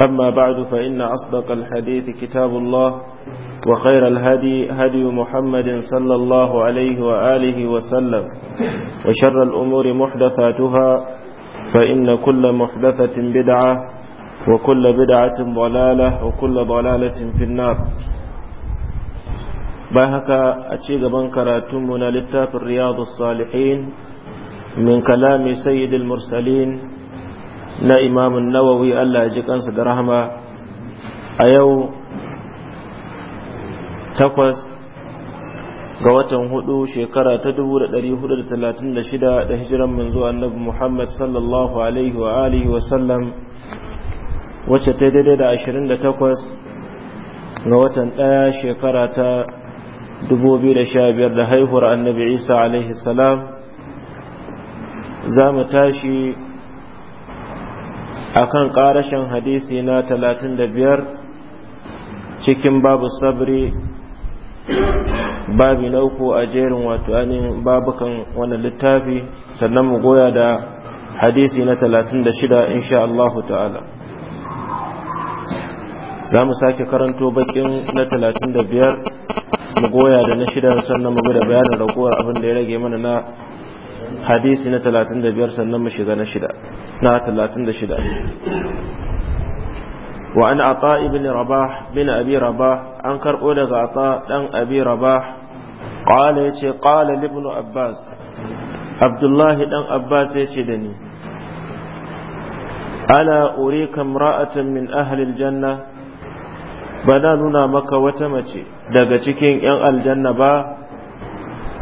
أما بعد فإن أصدق الحديث كتاب الله وخير الهدي هدي محمد صلى الله عليه وآله وسلم وشر الأمور محدثاتها فإن كل محدثة بدعة وكل بدعة ضلالة وكل ضلالة في النار باهك أتشيق بنكرة تمنا للتاف الرياض الصالحين من كلام سيد المرسلين na imamun nawawi Allah ya ji kansa da rahama a yau takwas ga watan hudu shekara ta 1436 da hijiran manzo annabi Muhammad sallallahu alaihi wa alihi wa sallam wacce ta daidai da 28 ga watan daya shekara ta 2015 da haihuwar annabi Isa alaihi salam za mu tashi akan ƙarashin hadisi na talatin da biyar cikin babu sabri babi na uku a jerin wato ainihin babukan wani littafi sannan mu goya da hadisi na talatin da shida insha Allahu ta'ala za mu sake karanto bakin na talatin da biyar mu goya da na shida sannan mu bi da bayanin abin da ya rage mana na hadisi na talatin da biyar sannan mu shiga na shida na 36 wa an ata ibn rabah bin abi rabah an karɓo daga ata dan abi rabah qala yace qala ibn abbas abdullahi ɗan abbas yace da ni ala urika imra'atan min ahli janna? bana nuna maka wata mace daga cikin 'yan aljanna ba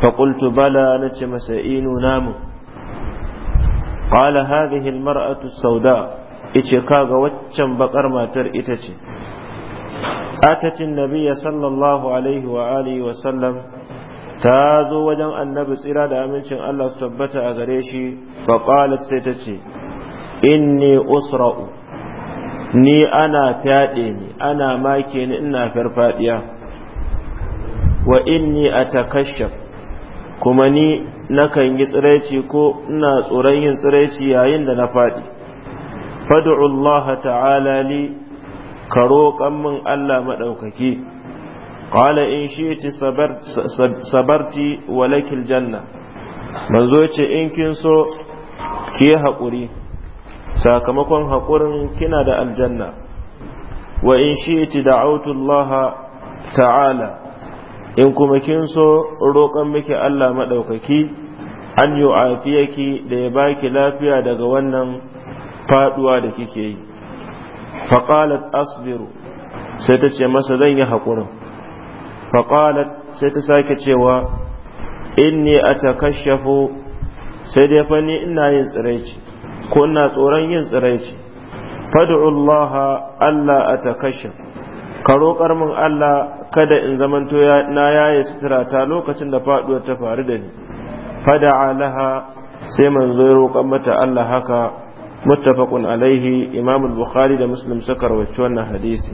faƙultu bala na ce masa inu namu Kala hadihil mar'atu sauda Ice kaga waccan baƙar matar ita ce Atatin Nabiya sallallahu Alaihi wa Alihi wa sallam Ta zo wajen annabi tsira da amincin Allah su tabbata a gare shi ba sai ta ce, In ni usra’u, ni ana fyaɗe ni, ana make ni ina farfaɗiya, wa in ni a takashe, kuma ni nakan yi tsiraici ko ina tsoron yin tsiraici yayin da na faɗi fad'u Allah ta'ala li ka roƙan min Allah maɗaukaki qala in shi'ti sabarti walakil janna manzo ce in kin so ki haƙuri sakamakon haƙurin kina da aljanna wa in shi'ti da'awtu ta'ala in kuma kin so roƙon miki Allah maɗaukaki an yi afiyaki da ya baki lafiya daga wannan faɗuwa da kike yi faƙalat asbiru sai ta ce masa zan yi haƙurin faƙalat sai ta sake cewa inni a takashafo sai dai fa ni ina yin tsiraici ko ina tsoron yin tsiraici fad'u Allah Allah a ka roƙar min Allah kada in zamanto na yaye suturata lokacin da faɗuwar ta faru da ni fada alaha, sai manzo ya roƙar mata Allah haka muttafaqun alaihi imam bukhari da muslim suka rawaito wannan hadisi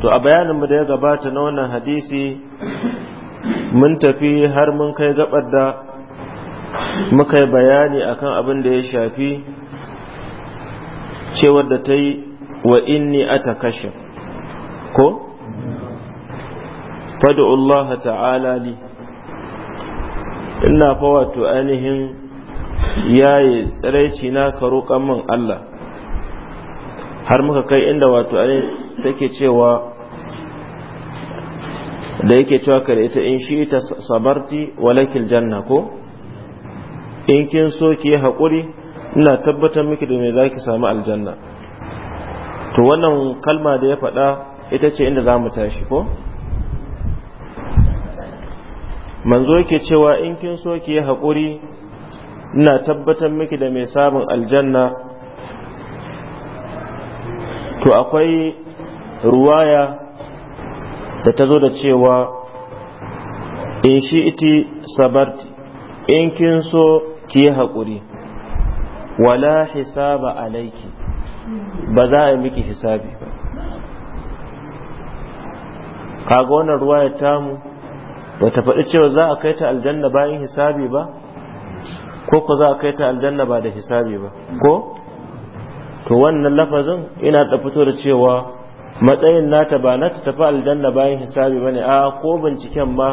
to a bayanin mu da ya gabata na wannan hadisi mun tafi har mun kai gabar da muka yi bayani akan abin da ya shafi cewar da ta yi wa inni atakashaf ko fad'u Allah ta'ala li ina fa wato ainihin yayi tsiraici na ka roƙan min Allah har muka kai inda wato ainihin take cewa da yake cewa kare ita in shi ta sabarti walakil janna ko in kin so ki hakuri ina tabbatar miki da me zaki samu aljanna to wannan kalma da ya faɗa ita ce inda za mu tashi ko manzo yake cewa in kin so ki yi haƙuri ina tabbatar miki da mai samun aljanna to akwai ruwaya da ta zo da cewa in shi iti sabarti in kin so ki yi haƙuri wala hisaba alaiki ba za a yi miki hisabi ba kaga wannan ruwa ya tamu ba ta faɗi cewa za a kai ta aljanna bayan hisabi ba ko ko za a kai ta aljanna ba da hisabi ba ko to wannan lafazin ina ta fito da cewa matsayin nata ba na ta tafi aljanna bayan hisabi ba ne? a ko binciken ma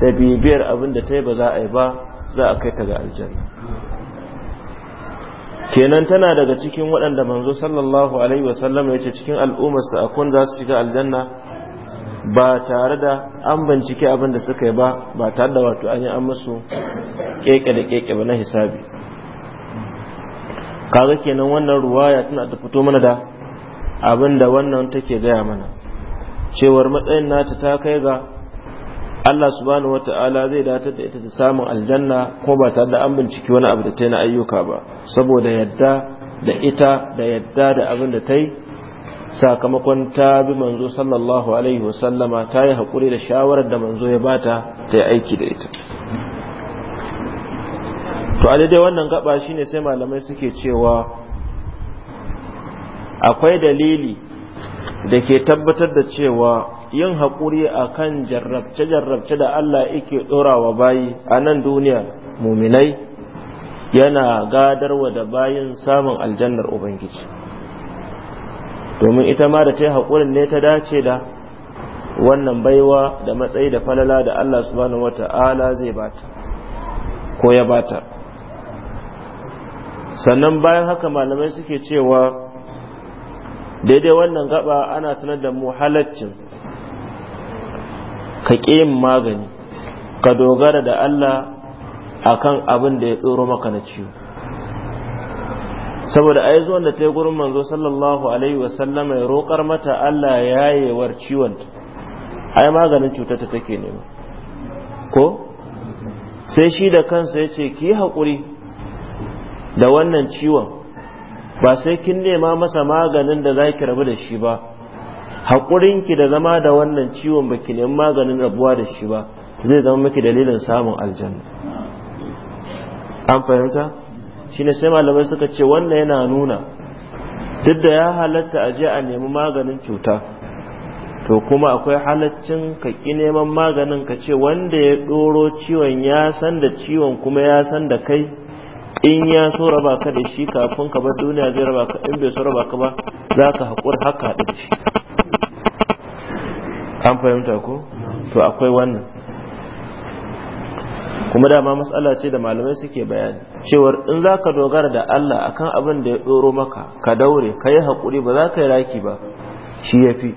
da bibiyar abin da ta yi ba za a yi ba za a kai ta ga aljanna kenan tana daga cikin waɗanda manzo sallallahu alaihi wasallam ya ce cikin al'ummar sa akun za su shiga aljanna ba tare da an bincike abin da suka yi ba ba tare da wato an yi an musu keke da keke ba na hisabi kaga kenan wannan ruwaya tana ta fito mana da abin da wannan take gaya mana cewar matsayin nata ta kai ga Allah subhanahu ta'ala zai datar da ita ta samun aljanna ko ba tare da an binciki wani abu da ta yi na ayyuka ba saboda yadda da ita da yadda da abin da ta yi sakamakon ta bi manzo sallallahu alaihi wasallama ta yi haƙuri da shawarar da manzo ya bata ta yi aiki da ita to a daidai wannan gaba shine sai malamai suke cewa akwai dalili da ke tabbatar da cewa yin haƙuri a kan jarrabce-jarrabce da Allah yake ɗorawa bayi a nan duniya muminai yana gadarwa da bayin samun aljannar Ubangiji domin ita ma da ta haƙurin ne ta dace da wannan baiwa da matsayi da falala da Allah subhanahu ta'ala zai bata ko ya bata sannan bayan haka malamai suke cewa daidai wannan gaba ana sanar da mu halaccin ka ƙi yin magani ka dogara da Allah akan abin da ya tsoro maka na ciwo saboda ai zuwan da ta yi gurin manzo sallallahu alaihi sallam ya roƙar mata Allah yayewar ciwonta ai maganin cutar ta take nema ko sai shi da kansa ya ce ki haƙuri da wannan ciwon ba sai kin nema masa maganin da za ki rabu da shi ba haƙurin ki da zama da wannan ciwon baki nemi maganin rabuwa da shi ba zai zama miki dalilin samun aljanna an fahimta shine sai malamai suka ce wannan yana nuna duk da ya halatta a je a nemi maganin cuta to kuma akwai halaccin ka ki neman maganin ka ce wanda ya ɗoro ciwon ya san da ciwon kuma ya san da kai in ya so raba ka da shi kafin ka bar duniya zai raba ka in bai so raba ka ba za ka haƙura haka da shi an fahimta ko to akwai wannan kuma dama matsala ce da malamai suke bayani cewar in za ka dogara da Allah akan abin da ya ɗoro maka ka daure ka yi haƙuri ba za ka yi raki ba shi ya fi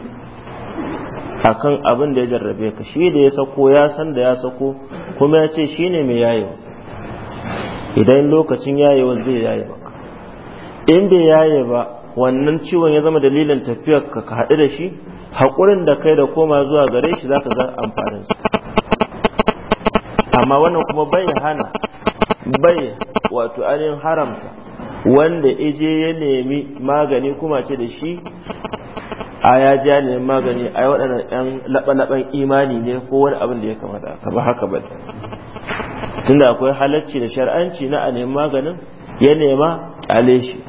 akan abin da ya jarrabe ka shi da ya sako ya san da ya sako kuma ya ce shi ne mai yayewa idan lokacin yayewa zai yaye maka in bai yaye ba wannan ciwon ya zama dalilin tafiya ka ka haɗu da shi haƙurin da kai da koma zuwa gare shi za zaka ga amfanin su amma wannan kuma bai hana bai wato ainihin haramta wanda ije ya nemi magani kuma ce da shi a ya ji ne magani a waɗannan 'yan laɓa-laɓan imani ne ko wani abin da ya kamata ka ba haka ba tunda akwai halacci da shar'anci na a nemi maganin ya nema kyale shi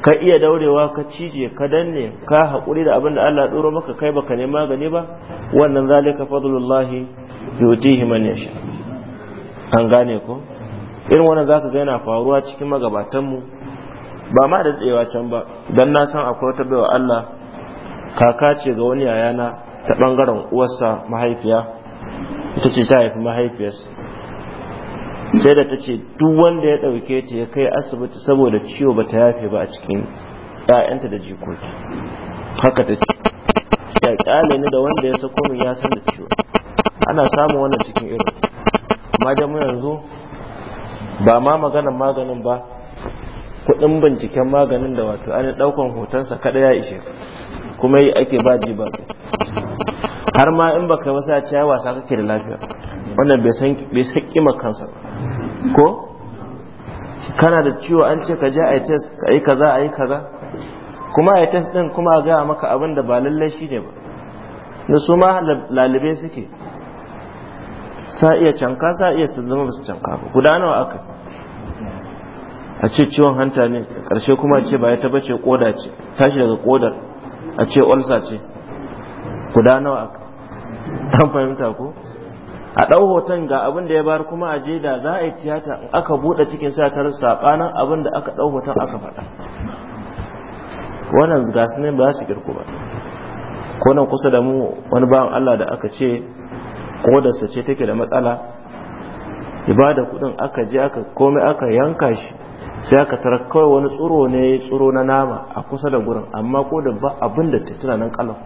ka iya daurewa ka cije ka danne ka haƙuri da abin da Allah tsoro maka kai baka nema magani ba wannan zalika fadlullahi yutihi man yasha an gane ko irin wannan zaka ga yana faruwa cikin magabatan mu ba ma da tsewa can ba dan na san akwai wata baiwa Allah kaka ce ga wani yayana ta bangaren uwarsa mahaifiya ita ce ta haifi mahaifiyarsa sai da ta ce duk wanda ya ɗauke ta ya kai asibiti saboda ciwo ba ta yafe ba a cikin ‘ya'yanta da jikoki haka ta ce ya ƙyale ni da wanda ya sako min ya san da ciwo ana samun wannan cikin irin amma da mu yanzu ba ma maganan maganin ba kuɗin binciken maganin da wato an ɗaukan hotonsa kaɗai ya ishe kuma yi ake ba ji ba har ma in baka masa ciya wasa kake da lafiya wannan bai san bai san kima kansa ko kana da ciwo an ce ka je a test ka yi kaza a yi kaza kuma a test din kuma a gaya maka abin da ba lallai shi ne ba da su ma lalibe suke sa iya canka sa iya su zama su canka ba guda nawa aka a ce ciwon hanta ne karshe kuma ce ba ya taba ce koda ce tashi daga kodar a ce olsa ce guda nawa aka an fahimta ko a ɗau hoton ga abin da ya bar kuma a je da za a yi tiyata in aka buɗe cikin sa ta saɓanin abin da aka ɗau hoton aka faɗa wannan gasu ne ba su kirku ba ko nan kusa da mu wani bawan Allah da aka ce kodarsa ce take da matsala ibada kudin aka je aka komai aka yanka shi sai aka tara kawai wani tsoro ne tsoro na nama a kusa da gurin amma ko da ba abin da ta tunanin nan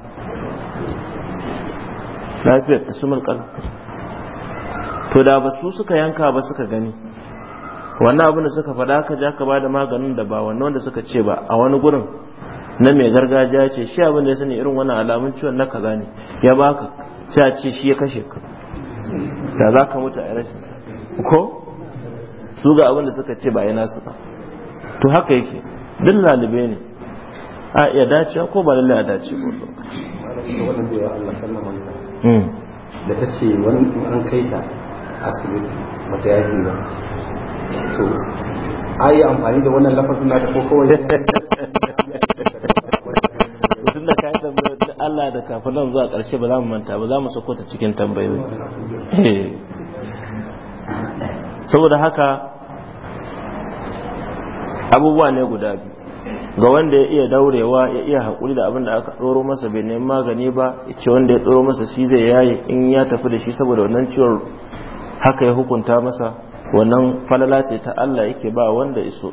lafiyar ta sumar kalan to da ba su suka yanka ba suka gani wannan abin da suka faɗa ka ja ka ba da maganin da ba wannan wanda suka ce ba a wani gurin na mai gargajiya ce shi abin da ya sani irin wannan alamun ciwon na kaza ne ya baka sai a ce shi ya kashe ka da za ka mutu a rashin ko su ga abin da suka ce ba yana su ba to haka yake duk lalube ne a iya dace ko ba lallai a dace ko ba hmm. da ta ce wani an kai ta asibiti mata yaki ba to a yi amfani da wannan lafazin na ta ko kawai da ka tambayar Allah da kafin nan zuwa ƙarshe ba za mu manta ba za mu sako ta cikin tambayoyi saboda haka abubuwa ne guda biyu ga wanda ya iya daurewa ya iya haƙuri da abin da aka tsoro masa bai neman magani ba ce wanda ya tsoro masa shi zai yaye in ya tafi da shi saboda wannan ciwon haka ya hukunta masa wannan falala ce ta Allah yake ba wanda iso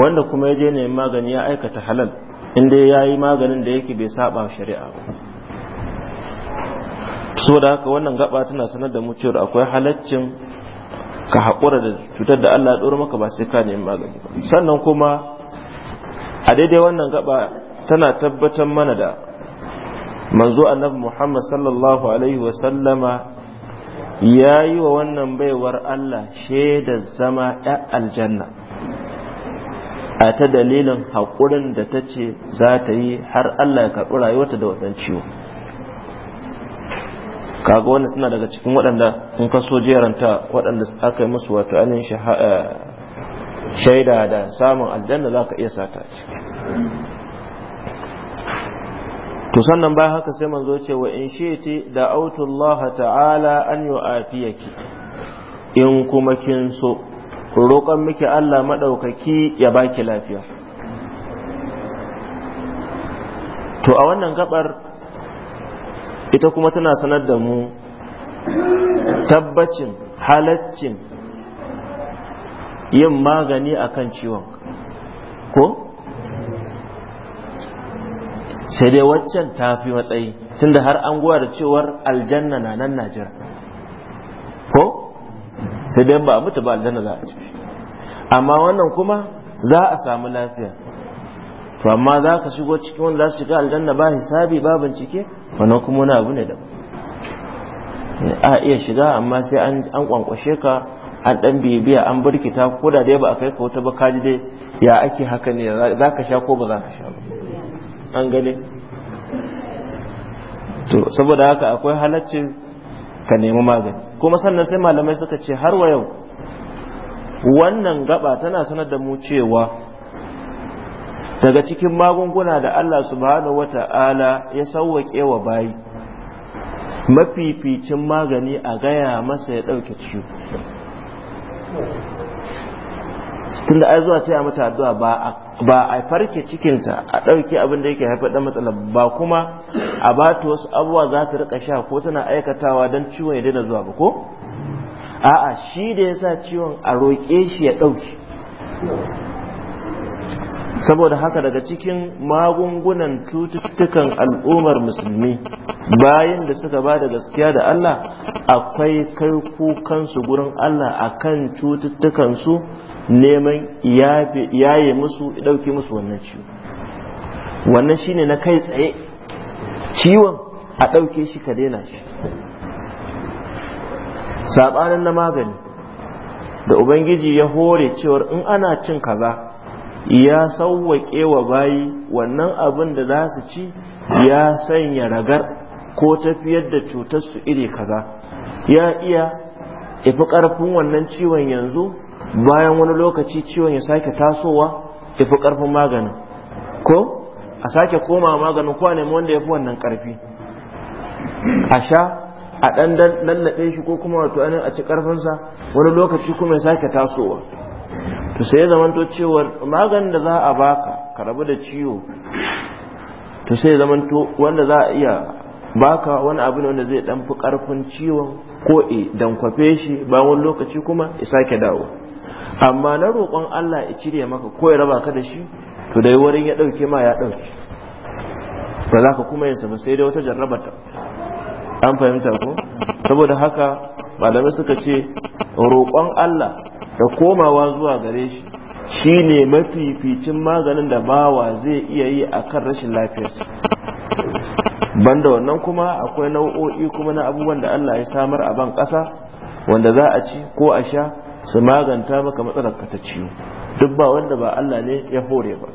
wanda kuma ya je neman magani ya aikata halal inda ya yi maganin da yake bai saba shari'a ba saboda haka wannan gaba tana sanar da mu cewa akwai halaccin ka haƙura da cutar da Allah ya ɗora maka ba sai ka nemi magani ba sannan kuma a daidai wannan gaba tana tabbatar mana da manzo annabi Muhammad sallallahu alaihi wa sallama ya yi wa wannan baiwar Allah shaidar zama ɗan aljanna a ta dalilin haƙurin da ta ce za ta yi har Allah ya karɓi rayuwarta da wasan ciwo kaga wannan suna daga cikin waɗanda in ka so jeranta waɗanda aka yi musu wato anin eh, shaida da samun aljanna za ka iya sata to sannan ba haka sai manzo ce wa in shiti da autullah ta'ala an yu'afiyaki in kuma kin so roƙon miki Allah maɗaukaki ya baki lafiya to a wannan gabar ita kuma tana sanar da mu tabbacin halaccin yin magani akan ciwon ko sai dai waccan ta fi matsayi tunda har an goya da cewar aljanna na nan najira ko sai dai ba a mutu ba aljanna za a ciki, amma wannan kuma za a samu lafiya to amma za ka shigo ciki wanda za su shiga aljanna ba hisabi ba bincike wannan kuma wani abu ne da a iya shiga amma sai an kwankwashe ka an dan bibiya an birkita ko da dai ba a kai ka wata ba dai ya ake haka ne za ka sha ko ba za ka sha ba an gane to saboda haka akwai halaccin ka nemi magani kuma sannan sai malamai suka ce har wa yau wannan gaba tana sanar da mu cewa daga cikin magunguna da Allah subhanahu wata'ala ya sauwaƙe wa bayi mafificin magani a gaya masa ya ɗauke ciwo tun da zuwa taya mata addu'a ba a farke cikinta a ɗauke abin da yake haifar da matsala ba kuma a ba ta wasu abuwa za ta rika sha ko tana aikatawa don ciwon ya daina zuwa ba ko a'a shi da yasa ciwon a roƙe shi ya ɗauke saboda haka daga cikin magungunan cututtukan al'ummar musulmi bayan da suka ba da gaskiya da Allah akwai kai kukansu gurin Allah akan su neman yaye musu dauke musu wannan ciwo wannan shine na kai tsaye ciwon a dauke shi ka daina shi saɓanin na magani da ubangiji ya hore cewar in ana cin kaza ya sauwaƙe wa bayi wannan abin da za su ci ya sanya ragar ko tafiyar da cutarsu iri kaza ya iya ifi ƙarfin wannan ciwon yanzu bayan wani lokaci ciwon ya sake tasowa ifi ƙarfin maganin ko a sake koma maganin ko a nemi wanda ya fi wannan ƙarfi a sha a ɗan lallaɓe shi ko kuma wato anin a ci ƙarfinsa wani lokaci kuma ya sake tasowa to sai ya zamanto cewar maganin da za a baka ka da ciwo to sai ya zamanto wanda za a iya baka wani abu ne wanda zai dan fi karfin ciwon ko e dan kwafe shi bayan lokaci kuma ya sake dawo amma na roƙon Allah ya cire maka ko ya raba ka da shi to dai wurin ya dauke ma ya dauke ba za ka kuma yin sa ba sai dai wata jarrabata an fahimta ko saboda haka malamai suka ce roƙon Allah da komawa zuwa gare shi shi ne mafificin maganin da bawa zai iya yi a kan rashin lafiyarsa banda wannan kuma akwai nau'o'i kuma na abubuwan da Allah ya samar a ban ƙasa wanda za a ci ko a sha su maganta maka matsalar ka ta ciwo duk ba wanda ba Allah ne ya hore ba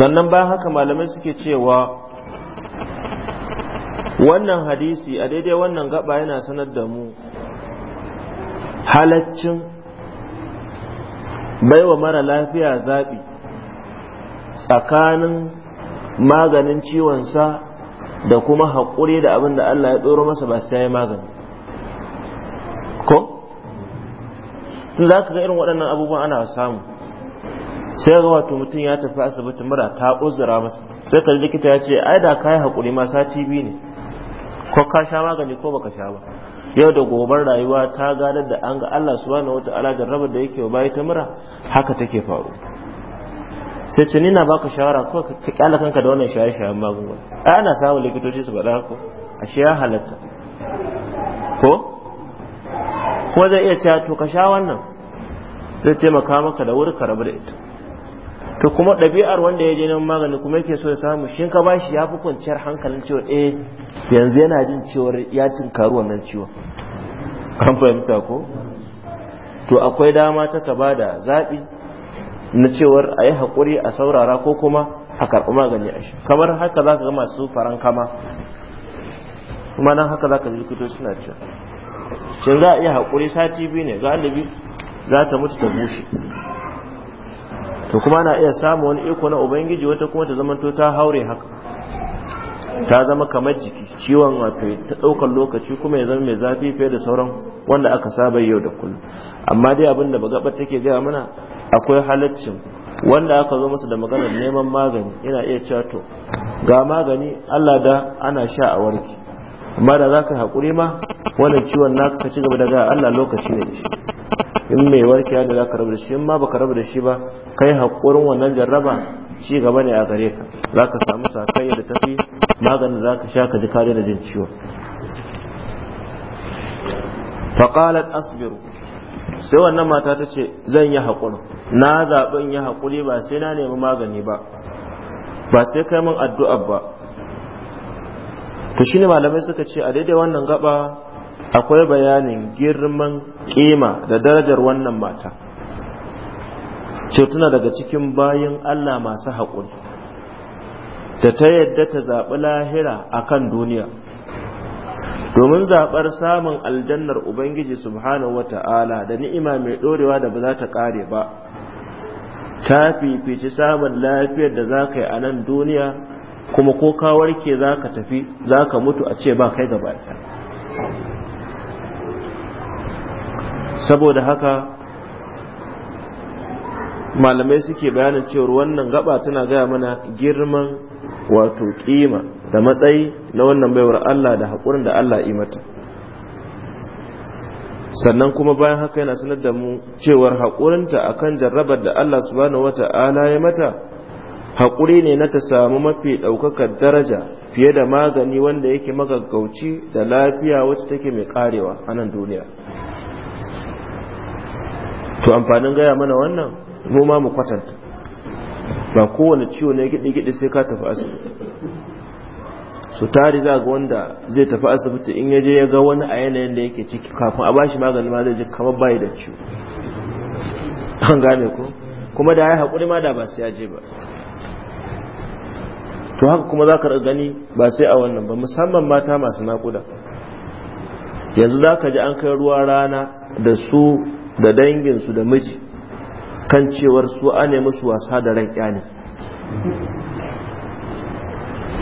sannan bayan haka malamai suke cewa wannan hadisi a daidai wannan gaba yana sanar da mu halaccin baiwa mara lafiya zaɓi tsakanin maganin ciwonsa da kuma haƙuri da abin da Allah ya ɗoro masa ba sai ya magani ko? tun za ka ga irin waɗannan abubuwan ana samu sai ga wato mutum ya tafi asibiti mura ta uzura masa sai ka likita ya ce ai da yi haƙuri ma sati biyu ne ko ka sha magani ko baka sha ba yau da gobar rayuwa ta gadar da an ga Allah subhanahu wata'ala jarrabar da yake bayi ta mura haka take faru sai ce na baka shawara ko ka kyala kanka da wannan shaye shayen magunguna ai ana samun likitoci su faɗa ko ashe ya halatta ko ko zai iya cewa to ka sha wannan zai taimaka maka da wuri ka rabu da ita to kuma ɗabi'ar wanda ya je nan magani kuma yake so ya samu shin ka bashi ya fi kwanciyar hankalin cewa eh yanzu yana jin cewar ya tunkaru wannan ciwon an fahimta ko to akwai dama ta ka ba da zaɓi na cewar a yi haƙuri a saurara ko kuma a karɓi magani a shi kamar haka za ka ga masu faran kama kuma nan haka za ka ji likitoci suna cewa shin za a iya haƙuri sati biyu ne galibi za ta mutu ta bushe to kuma na iya samu wani iko na ubangiji wata kuma ta zamanto ta haure haka ta zama kamar jiki ciwon wato ta ɗaukar lokaci kuma ya zama mai zafi fiye da sauran wanda aka saba yau da kullum amma dai abin da bagabar take gaya mana akwai halaccin wanda aka zo masa da maganar neman magani yana iya cewa to ga magani Allah da ana sha a warki amma da za hakuri ma wannan ciwon naka ka ci gaba da gaya Allah lokaci ne in mai warkewa da zaka rabu da shi in ma baka rabu da shi ba kai hakurin wannan jarraba ci gaba ne a gare ka zaka samu sakai da tafi maganin zaka sha ka ji kare da jin ciwo faqalat asbir sai wannan mata ta ce zan yi hakuri na in yi hakuri ba sai na nemi magani ba ba sai kai mun addu'a ba to shine malamai suka ce a daidai wannan gaba akwai bayanin girman kima da darajar wannan mata ce tuna daga cikin bayan Allah masu haƙuri da ta yadda ta zaɓi lahira a kan duniya domin zaɓar samun aljannar ubangiji subhanahu wa ta'ala, da ni'ima mai ɗorewa da ba za ta ƙare ba ta fifici samun lafiyar da za ka yi a nan duniya kuma ko ka warke za ka tafi za ka mutu a ce ba kai gaba saboda haka malamai suke bayanin cewar wannan gaba tana gaya mana girman wato kima da matsayi na wannan baiwar Allah da haƙurin da Allah mata. sannan kuma bayan haka yana sanar da mu cewar haƙurinta akan jarrabar da Allah subhanahu wata'ala ya mata haƙuri ne na ta samu mafi ɗaukakar daraja fiye da magani wanda yake magaggauci da lafiya wacce take mai ƙarewa a nan duniya to amfanin gaya mana wannan mu ma mu kwatanta ba kowane ciwo ne gidi-gidi sai ka tafi asibiti su tari za ga wanda zai tafi asibiti in yaje ya ga wani a yanayin da yake ciki kafin a bashi magani ma zai ji kamar bayi da ciwo an gane ko kuma da ya haƙuri ma da ba sai ya ba to haka kuma za ka gani ba sai a wannan ba musamman mata masu naƙuda yanzu za ka ji an kai ruwa rana da su da danginsu da miji kan cewar su ane musu wasa da ran ne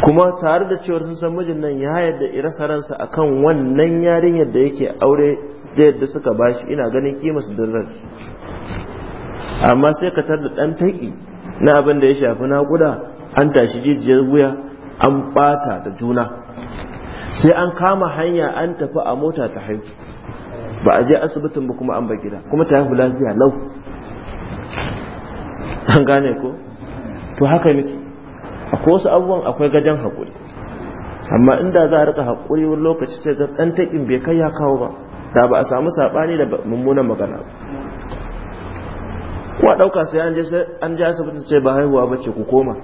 kuma tare da cewar sun san mijin nan ya yadda irasa ransa a kan wannan yarinyar da yake aure da yadda suka bashi ina ganin kimasu da amma sai ka tar da ɗan taƙi na abin da ya shafi naƙuda an tashi jijiyar wuya an ɓata da juna sai an kama hanya an tafi a mota ta haihu ba a je asibitin ba kuma an ba gida kuma ta haihu lafiya lau an gane ko to haka miki akwai wasu abubuwan akwai gajen haƙuri amma inda za a rika haƙuri wani lokaci sai ga ɗan taƙin bai kai ya kawo ba da ba a samu saɓani da mummunan magana ko a ɗauka sai an je asibitin sai ba haihuwa ba ce ku koma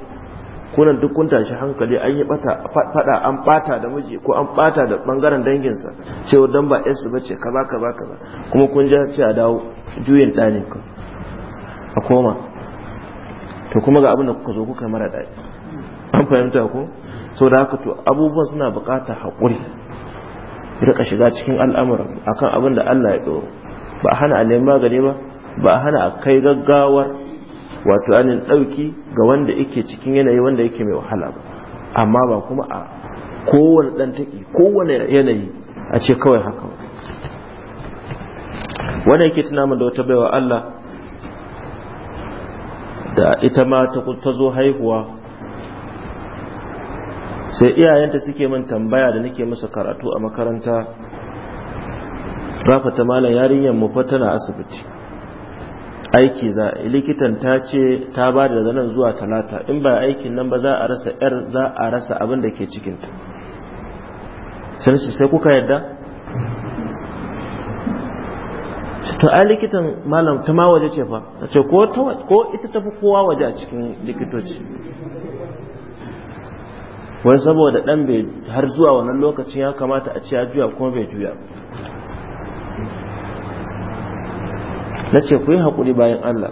kunan duk kun tashi hankali an yi fada an bata da miji ko an bata da bangaren danginsa cewa dan ba yarsu bace kaza kaza kaza kuma kun ji ce a dawo juyin ɗanin ku. a koma to kuma ga abin da kuka zo kuka mara dadi an fahimta ko so da haka to abubuwan suna hakuri haƙuri rika shiga cikin al'amuran akan abin da Allah ya doro ba a hana a nemi magani ba ba a hana a kai gaggawar wato anin ɗauki ga wanda yake cikin yanayi wanda yake mai wahala ba amma ba kuma a kowane ɗan taƙi kowane yanayi a ce kawai haka wanda yake tunamin da wata baiwa Allah da ita ma ta zo haihuwa sai iyayenta suke min tambaya da nake masa karatu a makaranta gafata malam yarinyar mu fa tana asibiti aiki za a likitan ta ce ta ba da zanen zuwa talata in ba aikin nan ba za a rasa yar za a rasa abin da ke cikinta sai sai kuka yadda to ai likitan malam ta ma waje ce fa ta ce ko ita ta fi kowa waje a cikin likitoci Wani saboda dan bai har zuwa wannan lokacin ya kamata a ci ya juya kuma bai juya na ce ku yi haƙuri bayan Allah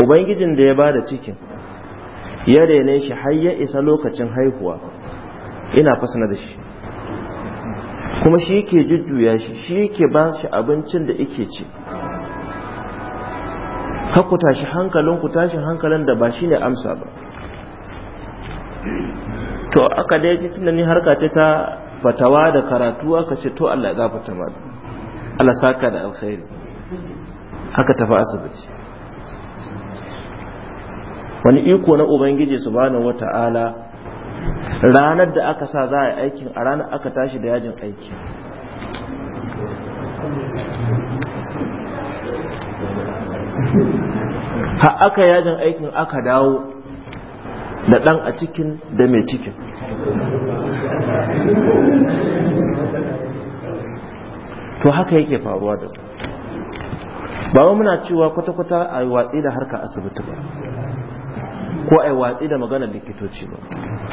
ubangijin da ya ba da cikin ya rene shi har ya isa lokacin haihuwa ina fasana da shi kuma shi yake jujjuya shi shi ke ba shi abincin da yake ci ku tashi hankalin ku tashi hankalin da ba shi ne amsa ba to aka dai ji tunda ni harka ce ta fatawa da karatu aka ce to Allah ya gafarta ma Allah saka da alkhairi aka tafi asibiti wani iko na ubangiji subhanahu wata'ala ranar da aka sa za a yi aikin a ranar aka tashi da yajin aiki ha aka yajin aikin aka dawo da ɗan a cikin da mai cikin to haka yake faruwa da su ba wa muna cewa kwata-kwata a yi watsi da harka asibiti ba ko a yi watsi da magana likitoci ba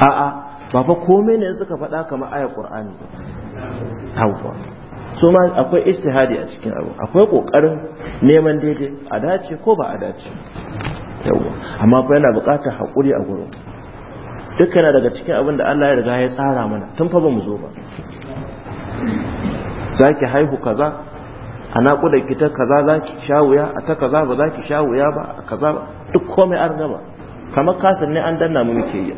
a'a ba fa komai ne suka faɗa kama aya ba hauwa so ma akwai istihadi a cikin abu akwai ƙoƙarin neman daidai a dace ko ba a dace Yau. amma fa yana buƙatar haƙuri a gurin duk daga cikin abin da Allah ya riga ya tsara mana tun fa ba mu zo ba zaki haihu kaza a naƙudar ki ta kaza za ki sha wuya a ta kaza ba za ki sha wuya ba a kaza ba duk komai an gama kamar kasan ne an danna mu muke yi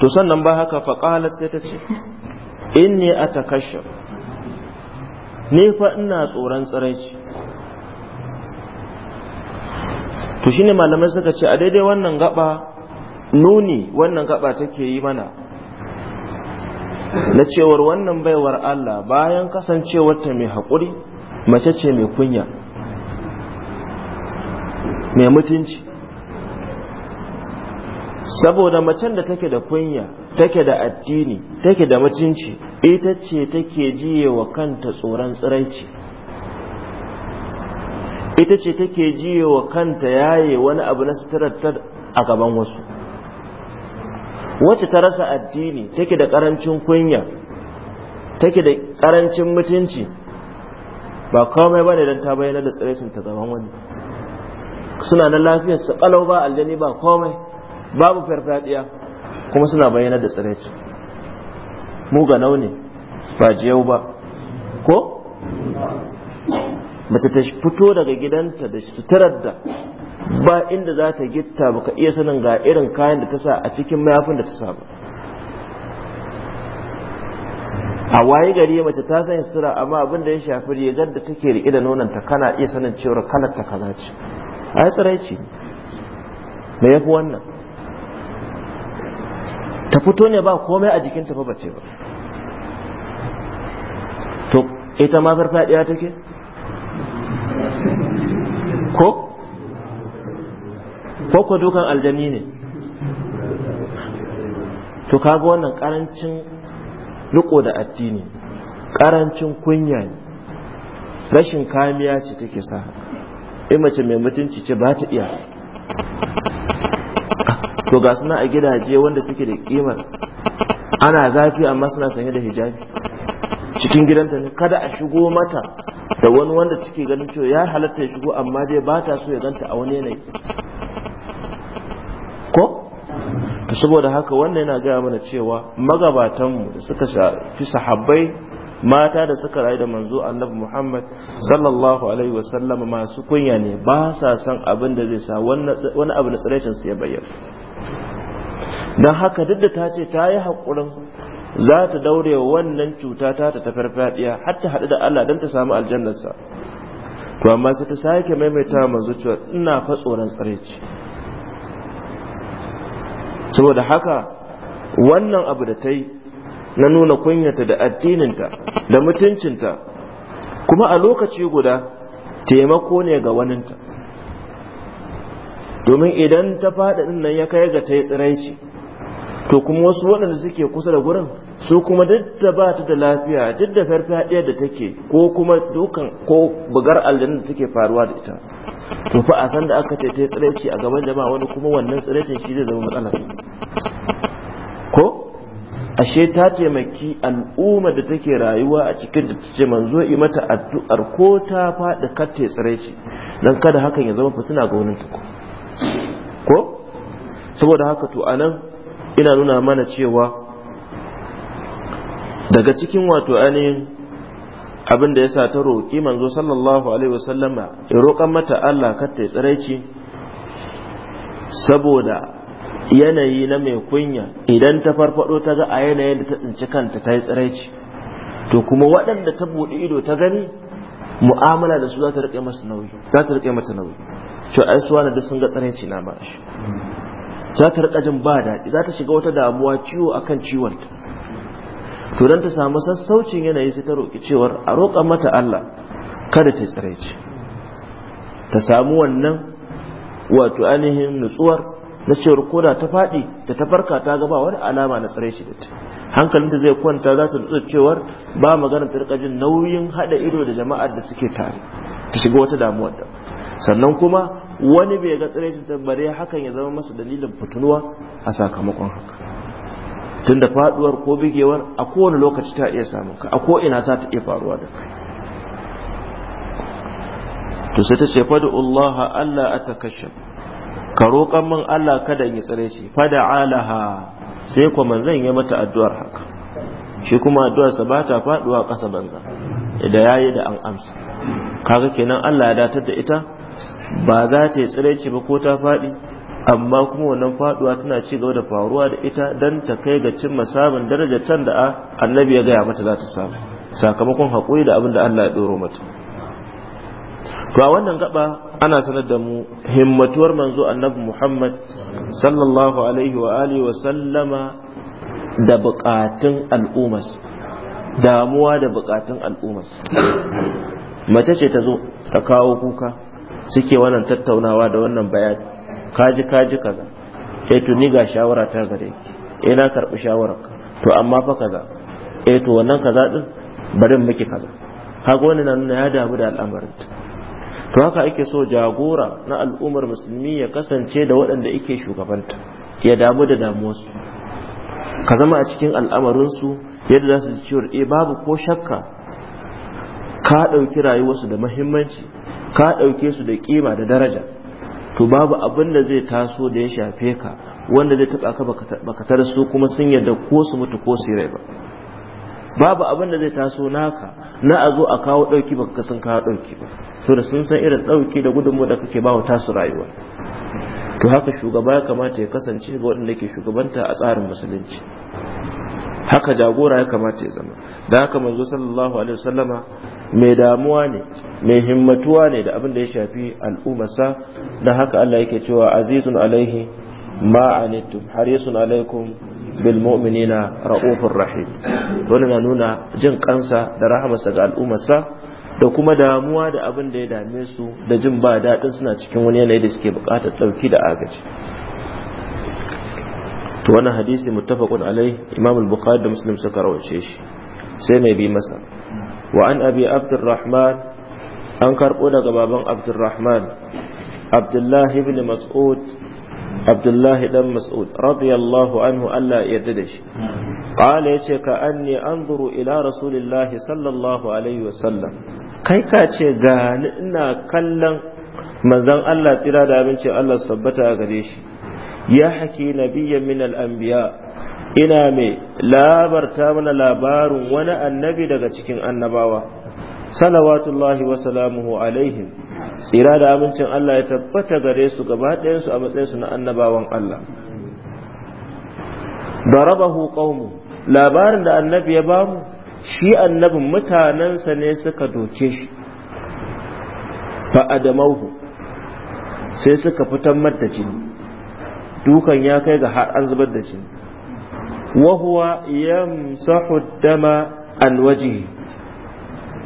to sannan ba haka qalat sai ta ce in ne a fa ina tsoron tsiraici to shine malamai suka ce a daidai wannan gaba nuni wannan gaba take yi mana na cewar wannan baiwar Allah bayan ta mai haƙuri mace ce mai kunya mai mutunci saboda macen da take da kunya take da addini take da mutunci ita ce take jiye wa kanta tsoron tsiraici ita ce take jiye wa kanta yaye wani abu na suturarta a gaban wasu wacce ta rasa addini take da karancin kunya take da karancin mutunci ba komai ba ne don ta bayyana da tsiraitin ta gaban wani suna na lafiyar su kalau ba aljani ba komai babu farfadiya kuma suna bayyana da tsiraitin mu ga nauni ba jiyau ba ko mace ta fito daga gidanta da suturar da ba inda za ta gitta ka iya sanin ga irin kayan da ta sa a cikin mayafin da ta sa ba a waye gari mace ta san sura amma abin da ya shafi rigar da take riƙe da nonanta kana iya sanin cewa kalar ta kaza ce ai tsirai ce me yafi wannan ta fito ne ba komai a jikin ta fa bace ba to ita ma farfadiya take ko ko dukan aljani ne to kaga wannan karancin riko da addini karancin kunya ne rashin kamiya ce take sa in mace mai mutunci ce ba ta iya to ga suna a gidaje wanda suke da kimar ana zafi amma suna sanye da hijabi cikin gidanta ne kada a shigo mata da wani wanda cike ganin cewa ya halatta ya shigo amma dai ba ta so ya ganta a wani yanayi ko to saboda haka wannan yana gaya mana cewa magabatanmu da suka fi sahabbai mata da suka rayu da manzo annabi Muhammad sallallahu alaihi wasallam masu kunya ne ba sa san abin da zai sa wani abu na tsiraicin su ya bayyana don haka duk da ta ce ta yi haƙurin za ta daure wa wannan cuta ta ta tafarfadiya har ta haɗu da Allah don ta samu aljannarsa to amma sai ta sake maimaita manzo cewa ina fa tsoron tsare ce saboda haka wannan abu da ta yi na nuna kunyata da addininta da mutuncinta kuma a lokaci guda taimako ne ga waninta domin idan ta faɗi nan ya kai ga ta yi tsiraici to kuma wasu waɗanda suke kusa da gurin su kuma duk da ba ta da lafiya duk da farfadiyar da take ko kuma dukan ko bugar aljanna da take faruwa da ita to fa a san da aka ce tai tsiraici a gaban jama'a wani kuma wannan tsiraicin shi zai zama matsala ko ashe ta taimaki al'umma da take rayuwa a cikin da tace manzo yi mata addu'ar ko ta faɗi kar ta tsiraici dan kada hakan ya zama fitina ga wani ko saboda haka to anan ina nuna mana cewa daga cikin wato ainihin abin da ya sa ta roƙi manzo sallallahu alaihi wasallama ya roƙan mata Allah kar ta tsiraici saboda yanayi na mai kunya idan ta farfado ta ga a yanayin da ta tsinci kanta ta yi tsiraici to kuma waɗanda ta buɗe ido ta gani mu'amala da su za ta riƙe masa nauyi za ta riƙe mata nauyi to ai su wani duk sun ga tsiraici na ba shi za ta riƙa jin ba daɗi za ta shiga wata damuwa ciwo akan ciwon ta to dan ta samu sassaucin yanayi sai ta roƙi cewar a roƙa mata Allah kada ta tsiraici ta samu wannan wato ainihin nutsuwar na cewar koda ta faɗi da ta farka ta gaba wani alama na tsare da ta hankalinta zai kwanta za ta nutsu cewar ba magana ta rika jin nauyin haɗa ido da jama'ar da suke tare ta shiga wata damuwa da sannan kuma wani bai ga tsare shi ta hakan ya zama masa dalilin fitinuwa a sakamakon haka tunda faduwar ko bigewar a kowane lokaci ta iya samun ka a ko ina za ta iya faruwa da kai to sai ta ce Allah Allah a atakashaf ka roƙon min Allah kada in yi tsare ce fada alaha sai kuma zan ya mata addu'ar haka shi kuma addu'ar sa ba ta faduwa ƙasa banza da yayi da an amsa kaga kenan Allah ya datar da ita ba za ta yi tsare ce ba ko ta faɗi amma kuma wannan faduwa tana ci gaba da faruwa da ita dan ta kai ga cimma samun darajar can da ah, annabi ya gaya mata za ta samu sakamakon haƙuri da abin da Allah ya ɗoro mata to a wannan gaba ana sanar da mu himmatuwar manzo annabi Muhammad sallallahu alaihi wa alihi wa sallama da buƙatun al'ummas damuwa da bukatun al'ummas mace ce ta zo ta kawo kuka suke wannan tattaunawa da wannan bayani kaji kaji kaza eh to ni ga shawara ta gare ki eh na karɓi shawarar ka to amma fa kaza eh to wannan kaza din bari miki kaza kaga wannan na nuna ya damu da al'amarin to haka ake so jagora na al'ummar musulmi ya kasance da waɗanda yake shugabanta ya damu da damuwarsu ka zama a cikin al'amarinsu yadda za su ji ciwar e eh, babu ko shakka ka ɗauki rayuwarsu da muhimmanci. ka ɗauke su da kima da daraja to babu abin da zai taso da ya shafe ka wanda zai taba ka baka tar su kuma sun yadda ko su mutu ko su rai ba babu abin da zai taso naka na a zo a kawo dauki baka sun kawo dauki ba to da sun san irin dauki da gudunmu da kake bawa tasu rayuwa to haka shugaba ya kamata ya kasance ga waɗanda ke shugabanta a tsarin musulunci haka jagora ya kamata ya zama da haka manzo sallallahu alaihi wasallama mai damuwa ne mai himmatuwa ne da abin da ya shafi al'ummarsa da haka Allah yake cewa azizun alaihi ma'anittum harisun alaikum bil mu'minina ra'ufur rahim dole na nuna jin kansa da rahamarsa ga al'ummarsa da kuma damuwa da abin da ya dame su da jin ba daɗin suna cikin wani yanayi da suke buƙatar ɗauki da agaji to wannan hadisi muttafaqun alai imam al-bukhari da muslim suka rawace shi sai mai bi masa wa an abi abdurrahman an karɓo daga baban abdurrahman abdullahi ibn mas'ud abdullahi dan mas'ud radiyallahu anhu Allah ya yarda da shi qala yace ka anni anzuru ila rasulillahi sallallahu alaihi sallam. kai ka ce ga ina kallon manzon Allah tsira da abinci Allah su tabbata a gare shi ya haki nabiyyan min al-anbiya ina mai labarta mana labarin wani annabi daga cikin annabawa salawatullahi wa salamuhu alaihim tsira da amincin Allah ya tabbata gare su gaba ɗayansu a su na annabawan Allah darabahu qaumu labarin da annabi ya bamu shi annabin mutanensa ne suka doke shi fa adamahu sai suka fitan mar da jini dukan ya kai ga har an zubar da jini wa huwa yamsahu dama alwaji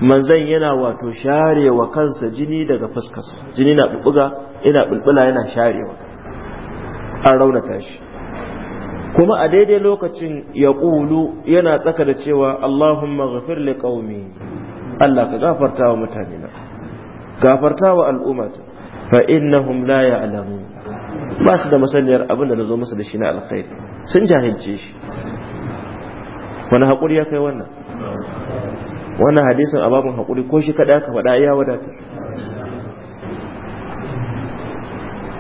manzan yana wato sharewa kansa jini daga fuskarsa jini na bulbuga yana bulbula yana sharewa an raunata shi kuma a daidai lokacin ya ƙulu yana tsaka da cewa Allahumma ghafir li qaumi Allah ka gafarta wa mutane gafarta wa al'ummata fa innahum la ya'lamun ba su da masaniyar abin da na zo masa da shi na alkhairi sun jahilce shi wani haƙuri ya kai wannan wannan hadisin a babin haƙuri ko shi kaɗa ka faɗa ya wadatar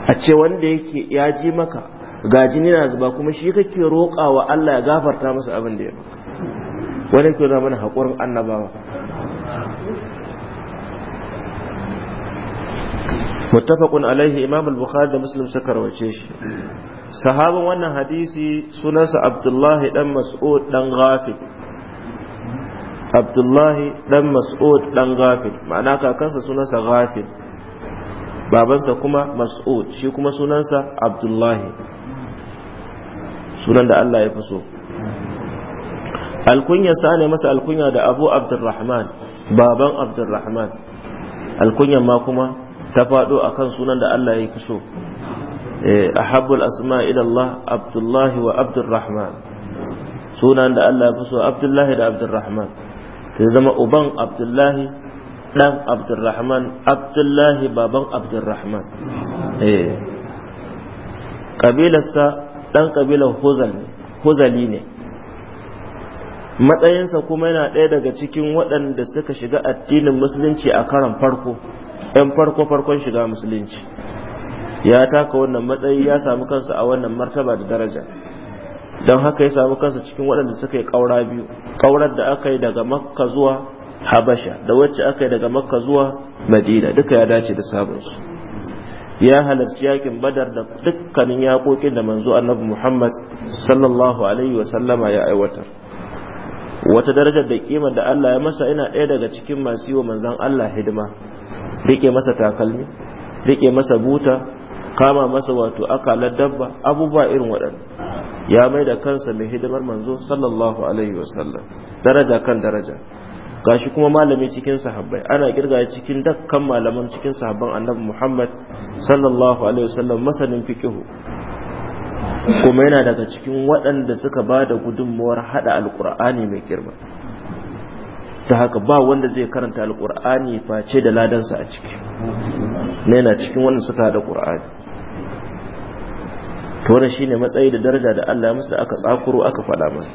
a ce wanda yake ya ji maka gaji na zuba kuma shi kake roƙa wa Allah ya gafarta masa abin da ya maka wani ke na haƙurin annabawa muttafaqun alaihi imam al-bukhari da muslim suka rawace shi sahabin wannan hadisi sunansa abdullahi dan mas'ud dan ghafil abdullahi dan mas'ud dan ghafil ma'ana kakansa sunansa ghafil babansa kuma mas'ud shi kuma sunansa abdullahi sunan da Allah ya fi so alkunya sa ne masa alkunya da abu abdurrahman baban abdurrahman alkunyan ma kuma ta faɗo a kan sunan da Allah ya fi so eh, a habbul asma Allah abdullahi wa abdurrahman sunan da Allah ya fi so abdullahi da abdurrahman ta zama uban abdullahi ɗan abdurrahman abdullahi baban abdurrahman eh, ƙabilarsa ɗan ƙabilar huzali ne matsayinsa kuma yana ɗaya daga cikin waɗanda suka shiga addinin musulunci a karan farko 'yan farko farkon shiga musulunci ya taka wannan matsayi ya samu kansa a wannan martaba da daraja don haka ya samu kansa cikin waɗanda suka yi ƙaura biyu ƙaurar da aka yi daga makka zuwa habasha da wacce aka yi daga makka zuwa madina duka ya dace da sabonsu ya halarci yakin badar da dukkanin yaƙoƙin da manzo annabi muhammad sallallahu alaihi wa sallama ya aiwatar wata darajar da kimar da allah ya masa ina ɗaya daga cikin masu yi wa manzon allah hidima rike masa takalmi rike masa buta kama masa wato akalar dabba abubuwa irin waɗanda ya mai da kansa mai hidimar manzo sallallahu alaihi wasallam daraja kan daraja gashi kuma malami cikin sahabbai ana kirga cikin dakkan malaman cikin sahabban annabi Muhammad sallallahu alaihi wasallam masanin fiqihu kuma yana daga cikin waɗanda suka ba da gudunmuwar hada alƙur'ani mai girma ta haka ba wanda zai karanta alkur'ani face da ladansa a ciki na yana cikin wannan suka haɗa ƙur'ani to wannan shine matsayi da daraja da Allah masa aka tsakuro aka faɗa masa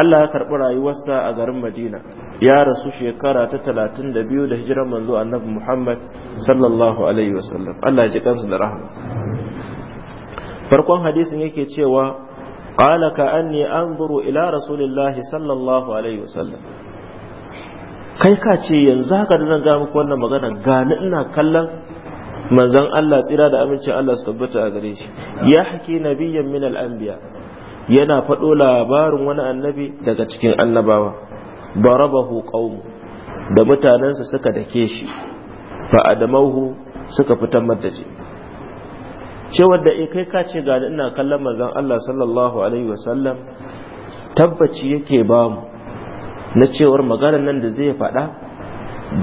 Allah ya karɓi rayuwarsa a garin Madina ya rasu shekara ta talatin da biyu da hijiran manzo annabi Muhammad sallallahu alaihi wasallam Allah ya ji kansu da rahama farkon hadisin yake cewa قال كأني أنظر إلى رسول الله صلى الله عليه وسلم kai ka ce yanzu haka da zan ga muku wannan magana ni ina kallon manzon Allah tsira da amincin Allah su tabbata a gare shi ya haki nabiyyan min al-anbiya yana fado labarin wani annabi daga cikin annabawa barabahu qaum da mutanansa suka dake shi fa adamahu suka fitan ce cewar da eh kai ka ce ni ina kallon manzon Allah sallallahu alaihi wasallam tabbaci yake bamu na cewar maganar nan da zai faɗa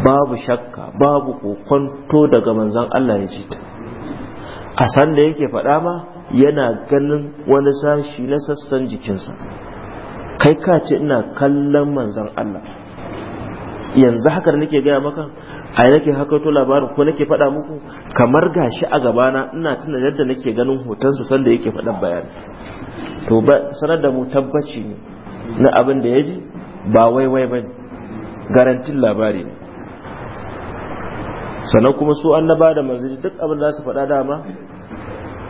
babu shakka babu kokonto daga manzon Allah ya ji ta a san da yake faɗa ma yana ganin wani sashi na sassan jikinsa kai ka ce ina kallon manzon Allah yanzu haka da nake gaya maka a nake to labarin ko nake faɗa muku kamar gashi a gabana ina tuna yadda nake ganin hotonsa sanda yake faɗan bayani to ba sanar da mu tabbaci ne na abin da ya ji ba waiwai ba garantin labari ne sannan kuma su annaba da manzanni duk abin da su faɗa dama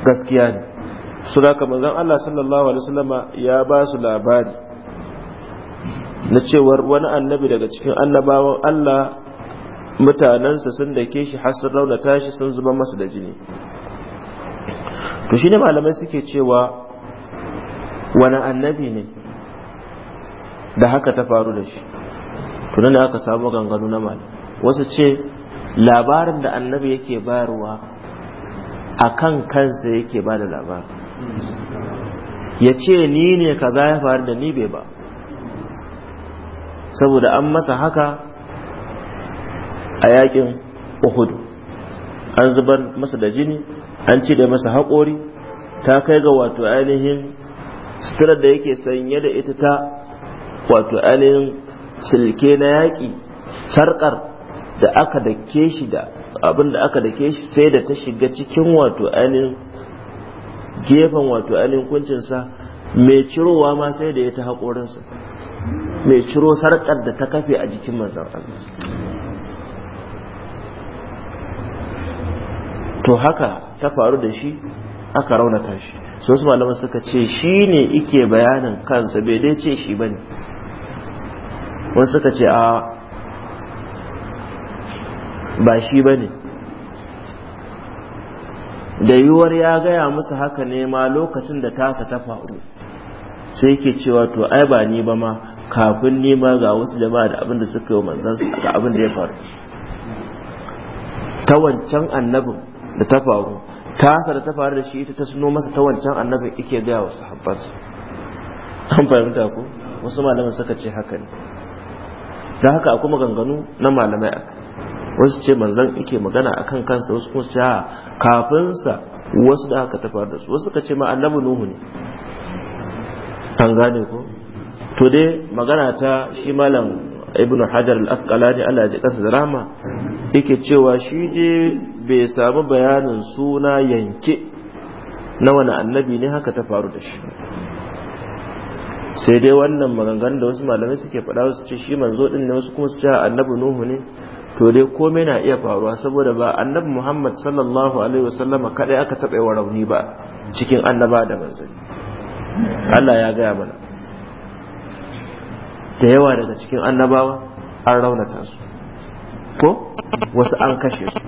gaskiya ne su da kamar zan Allah sallallahu alaihi wasallama ya ba su labari na cewar wani annabi daga cikin annabawan Allah mutanensa sun dake shi har raunata shi sun zuba masa da jini to shine malamai suke cewa wani annabi ne da haka ta faru da shi tunan da aka samu ganganu na mali wasu ce labarin da annabi yake bayarwa a kan kansa yake ba da labarin ya ce ni ne kaza ya faru da ni bai ba saboda an masa haka a yakin uhudu an zubar masa da jini an ci da masa haƙori ta kai ga wato ainihin sutura da yake sanye da ita ta wato ainihin silke na yaƙi sarƙar da aka dake shi da abin da aka dake shi sai da ta shiga cikin wato ainihin gefen wato ainihin kuncinsa mai cirowa ma sai da ya ta haƙorinsa mai ciro sarƙar da ta kafe a jikin manzan Allah to haka ta faru da shi aka raunata shi so su malaman suka ce shi ne ike bayanin kansa bai dai ce shi bane wasu suka ce a ba shi ba ne da yiwuwar ya gaya musu haka ne ma lokacin da tasa ta faru sai ke cewa to ai ba ni ba ma kafin ni ma ga wasu jama'a da abin da suka yi manzan su ga abin da ya faru ta wancan annabin da ta faru tasa da ta faru da shi ita ta suno masa ta wancan annabin ike gaya wasu sahabbansu an fahimta ko wasu malaman suka ce haka ne da haka akwai maganganu na malamai aka. wasu ce manzan ike magana a kan kansa wasu kuma sha kafinsa wasu da haka tafar da su wasu ka ce ma annabi nuhu ne an gane ko to dai magana ta shi malam ibnu hajar al-asqalani Allah ya da rahma yake cewa shi je bai sami bayanin suna yanke na wani annabi ne haka ta faru da shi sai dai wannan maganganun da wasu malamai suke faɗa wasu ce shi manzo din ne wasu kuma su ce annabi nuhu ne to dai komai na iya faruwa saboda ba annabi muhammad sallallahu alaihi wasallama kadai aka taɓa wa rauni ba cikin annaba da manzanni allah ya gaya mana da yawa daga cikin annabawa an raunata su ko wasu an kashe su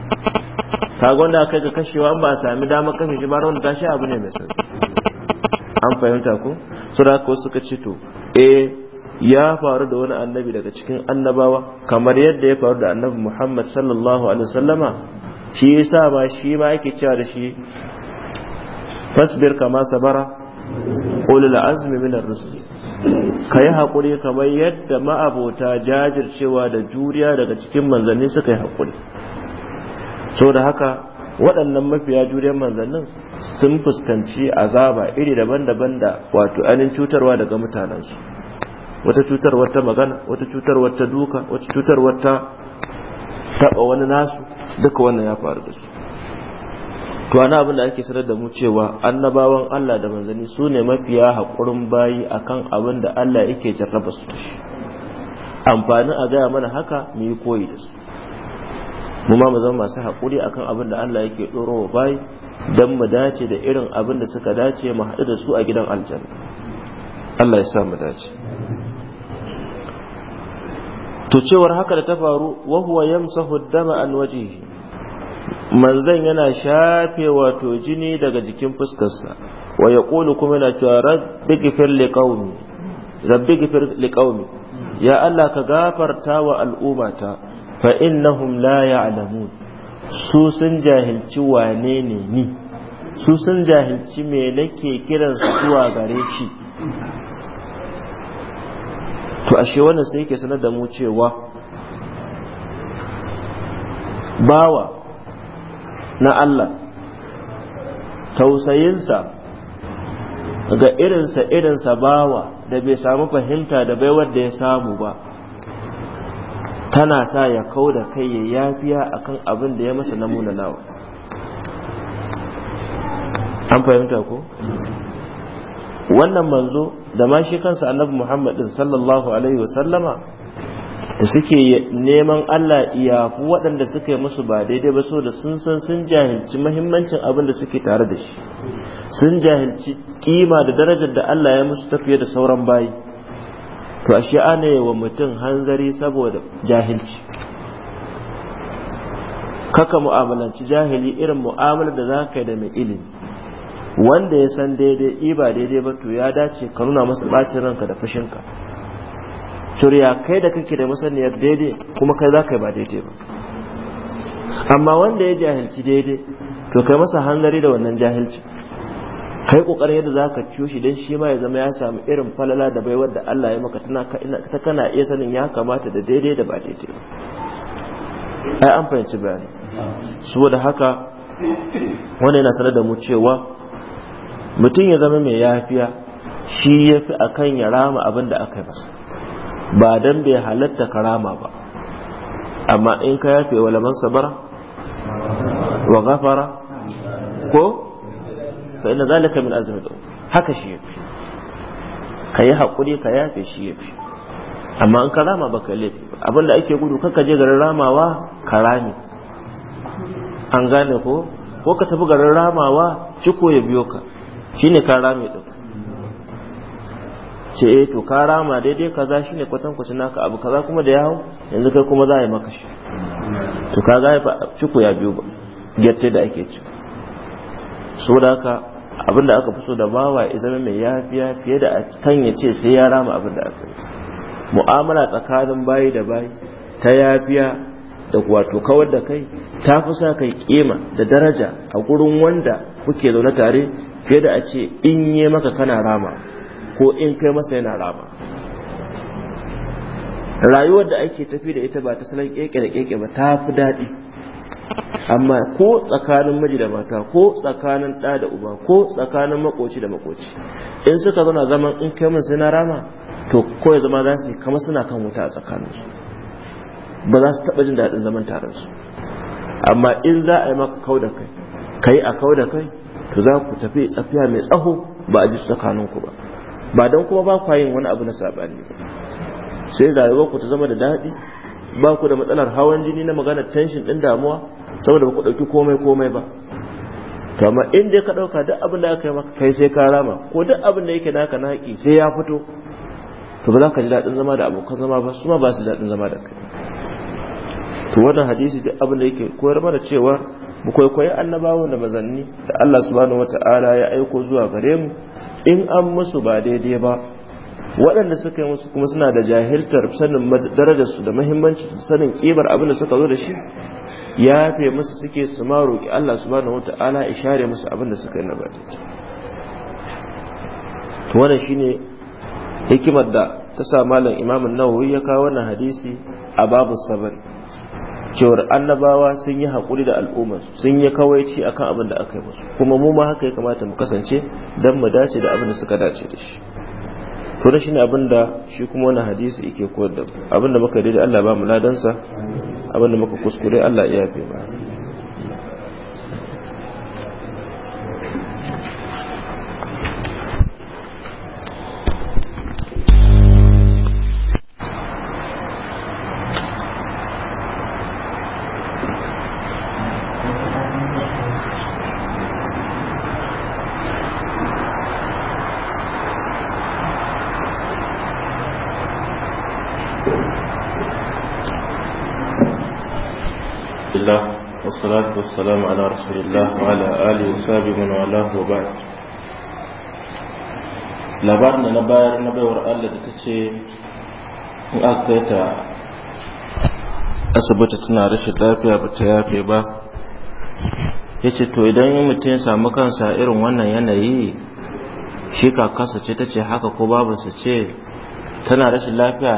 kaga wanda aka ga kashewa ba a sami damar kashe shi ba raunata shi abu ne mai sauki an fahimta ko su ko suka ce to eh ya faru da wani annabi daga cikin annabawa kamar yadda ya faru da annabi muhammad sallallahu alaihi wasallama shi yasa ba shi ba yake cewa da shi fasbir kama sabara ulul azmi min ar-rusul kai hakuri kamar yadda ma'abota jajircewa da juriya daga cikin manzanni suka yi hakuri so da haka waɗannan mafiya juriyar manzannin sun fuskanci azaba iri daban-daban da wato ainihin cutarwa daga mutanensu wata cutarwar ta magana wata cutarwar ta duka wata cutarwar ta taɓa wani nasu duka wannan ya faru da su to ana abin da ake sanar da mu cewa annabawan Allah da manzanni su ne mafiya haƙurin bayi akan abin da Allah yake jarraba su da shi amfanin a gaya mana haka mu yi koyi da su mu ma mu zama masu haƙuri akan abin da Allah yake ɗoro wa bai don mu dace da irin abin da suka dace mu haɗu da su a gidan aljanna Allah ya sa mu dace to cewar haka da ta faru wa huwa yamsahu dama an wajihi manzan yana shafe wato jini daga jikin fuskarsa wa yaqulu kuma yana cewa rabbi ghfir li qaumi rabbi li qaumi ya Allah ka gafarta wa al'ummata fa innahum la ya'lamun su sun jahilci wane ne ni su sun jahilci me nake kiran su zuwa gare shi to ashe wannan sai yake sanar da mu cewa bawa na Allah tausayinsa ga irinsa irinsa bawa da bai samu fahimta da baiwar da ya samu ba tana sa ya kau da kai ya yafiya akan abin da ya masa na nawa an fahimta ko wannan manzo da ma shi kansa annabi muhammadin sallallahu alaihi wasallama da suke neman allah iyafu waɗanda suka yi musu ba daidai ba so da sun san sun jahilci mahimmancin abin da suke tare da shi sun jahilci kima da darajar da allah ya musu tafiye da sauran bayi to shi ana yi wa mutum hanzari saboda jahilci kaka mu'amalanci jahili irin mu'amalar da za ka yi da mai ilimi wanda ya san daidai i ba daidai ba to ya dace ka nuna masa ɓacin ranka da fushinka turiya kai da kake da masaniyar daidai kuma kai za ka yi ba daidai ba amma wanda ya jahilci daidai to kai masa hanzari da wannan jahilci kai kokarin yadda zaka ciyo shi dan shi ma ya zama ya samu irin falala da baiwar da Allah ya maka tana ta kana iya sanin ya kamata da daidai da ba daidai ai an fahimci bayani saboda haka wannan yana sanar da mu cewa mutum ya zama mai yafiya shi ya fi a kan ya rama abin da aka yi masa ba don bai halatta ka rama ba amma in ka yafe wa laman sabara wa gafara ko fa inna zalika min azmi haka shi yafi ka yi hakuri ka yafe shi yafi amma an karama ba ka laifi abin da ake gudu kanka je garin ramawa ka rame an gane ko ko ka tafi garin ramawa ciko ya biyo ka shine ka rame din ce eh to ka rama daidai kaza shine kwatan kwatan naka abu kaza kuma da yawo yanzu kai kuma za a yi maka shi to ka ga fa ciko ya biyo ba gerte da ake ci so da haka abin da aka fi so da bawa ya zama mai yafiya fiye da kan ya ce sai ya rama abin aka yi mu'amala tsakanin bayi da bayi ta yafiya da wato kawar da kai ta fi sa kai kima da daraja a gurin wanda kuke zaune tare fiye da a ce in yi maka kana rama ko in kai masa yana rama rayuwar da ake tafi da ita ba ta salon keke da keke ba ta fi daɗi amma ko tsakanin miji da mata ko tsakanin ɗa da uba ko tsakanin makoci da makoci in suka zauna zaman in kai min suna rama to ko ya zama za su kama suna kan wuta a tsakaninsu ba za su taɓa jin daɗin zaman taron su amma in za a yi maka kau da kai kai a kau da kai to za ku tafi tsafiya mai tsaho ba a ji tsakanin ku ba ba don kuma ba kwayin wani abu na saɓani sai rayuwar ku ta zama da daɗi ba ku da matsalar hawan jini na maganar tension din damuwa saboda ba ku ɗauki komai komai ba amma in dai ka ɗauka duk abin da aka yi maka kai sai ka rama ko duk abin da yake naka na sai ya fito to ba za ka ji daɗin zama da abokan zama ba su ma ba su daɗin zama da kai to wannan hadisi duk abin da yake koyar mana cewa mu kwaikwayi annabawan da mazanni da Allah subhanahu wata'ala ya aiko zuwa gare mu in an musu ba daidai ba waɗanda suka yi musu kuma suna da jahiltar sanin darajarsu da muhimmanci sanin kibar abin da suka zo da shi ya fi musu suke su ma roƙi Allah subhanahu wata'ala ya share musu abin da suka yi na baki to wannan shine hikimar da ta sa malam Imam Nawawi ya kawo wannan hadisi a babu sabar cewar annabawa sun yi haƙuri da al'umma sun yi kawaici akan abin da aka yi musu kuma mu ma haka ya kamata mu kasance dan mu dace da abin da suka dace da shi to da shine da shi kuma wannan hadisi yake koyar da da muka daidai Allah ba mu ladansa abinda muka kuskure Allah iya yafe ba والسلام على رسول الله وعلى آله وصحبه من والاه وبعد labarin da na bayar na baiwar Allah da ta ce in aka kai ta asibiti tana rashin lafiya ba ta yafe ba ya ce to idan yi mutum ya samu kansa irin wannan yanayi shi kakansa ce ta ce haka ko babansa ce tana rashin lafiya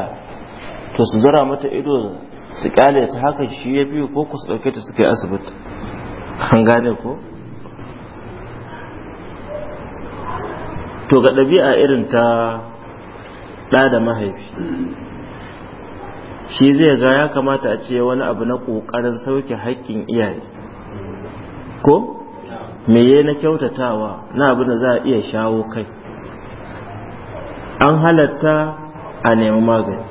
to su zura mata ido su kyale ta haka shi ya biyu ko ku su ɗauke ta suke asibiti an gane ko to ga ɗabi'a irin ta ɗa da mahaifi shi zai ga ya kamata a ce wani abu na ƙoƙarin sauke haƙƙin iyaye ko meye na kyautatawa na abu da za a iya shawo kai an halatta a neman magani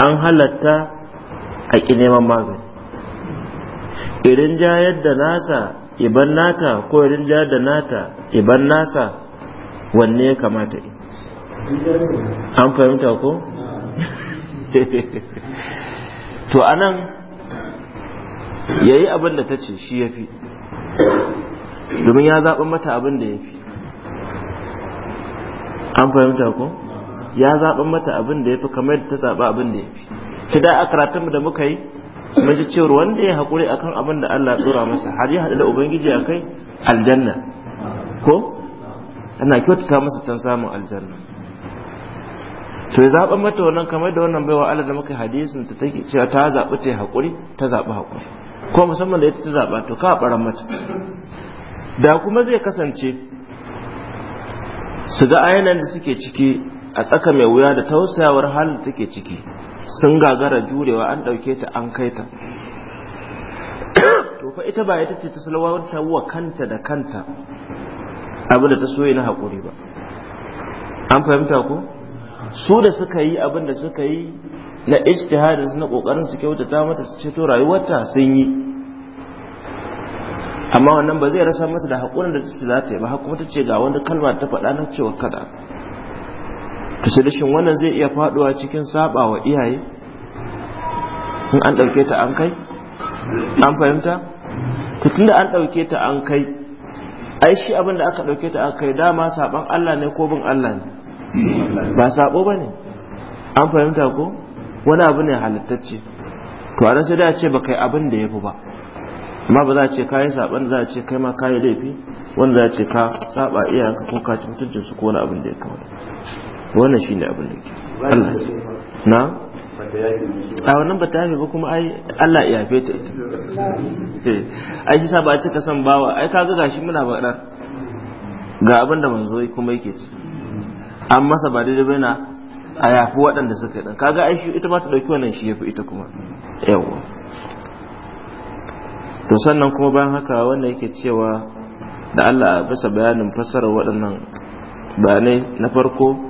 an halatta a ƙi neman magani irin jayar da nasa iban nata ko irin jayar da nata iban nasa wanne ya kamata yi? an fahimta ko? to anan ya yi abin da ta ce shi ya fi domin ya zaɓi mata abin da ya fi an fahimta ko? ya zaɓi mata abin da ya fi kamar da ta zaɓi abin da ya fi shi da a karatunmu da muka yi mun ji cewar wanda ya haƙuri akan abin da Allah ya tsora masa har ya haɗu da ubangiji a kai aljanna ko ana kyautata masa tan samun aljanna to ya zaɓa mata wannan kamar da wannan baiwa Allah da muka hadisin ta take cewa ta zaɓi ta haƙuri ta zaɓi haƙuri ko musamman da ita ta zaɓa to ka ɓaran mata da kuma zai kasance su ga ayanan da suke ciki a tsaka mai wuya da tausayawar halin da take ciki sun gagara jurewa an ɗauke ta an kai ta to fa ita ba ita ce ta salwanta wa kanta da kanta abin da ta soye na haƙuri ba an fahimta ko su da suka yi abin da suka yi na ijtihadin na kokarin su kyautata mata su ceto rayuwarta sun yi amma wannan ba zai rasa mata da haƙurin da ta za ta yi ba kuma ta ce ga wani kalma ta faɗa na cewa kada to wannan zai iya faduwa cikin saba wa iyaye in an ɗauke ta an kai an fahimta to da an ɗauke ta an kai ai shi abin da aka ɗauke ta an kai dama saban Allah ne ko bin Allah ne ba sabo ba ne an fahimta ko wani abu ne halittacce to a sai da ce ba kai abin da ya fi ba amma ba za a ce kayi saban za a ce kai ma yi laifi wanda za a ce ka saba iyayenka ko ka ci mutuncin su ko wani abin da ya kawai wannan shine abin da ke na a wannan ba ta ba kuma ai Allah ya yafe ta ita eh. ai shi sa ba cika son bawa ai kaga gashi muna faɗa ga abin da manzo kuma yake ci an masa ba daidai bane a yafi waɗanda suka dan kaga ai shi ita ba ta dauki wannan shi yafi ita kuma yawa to sannan kuma bayan haka wannan yake cewa da Allah bisa bayanin fassarar waɗannan bayanai na farko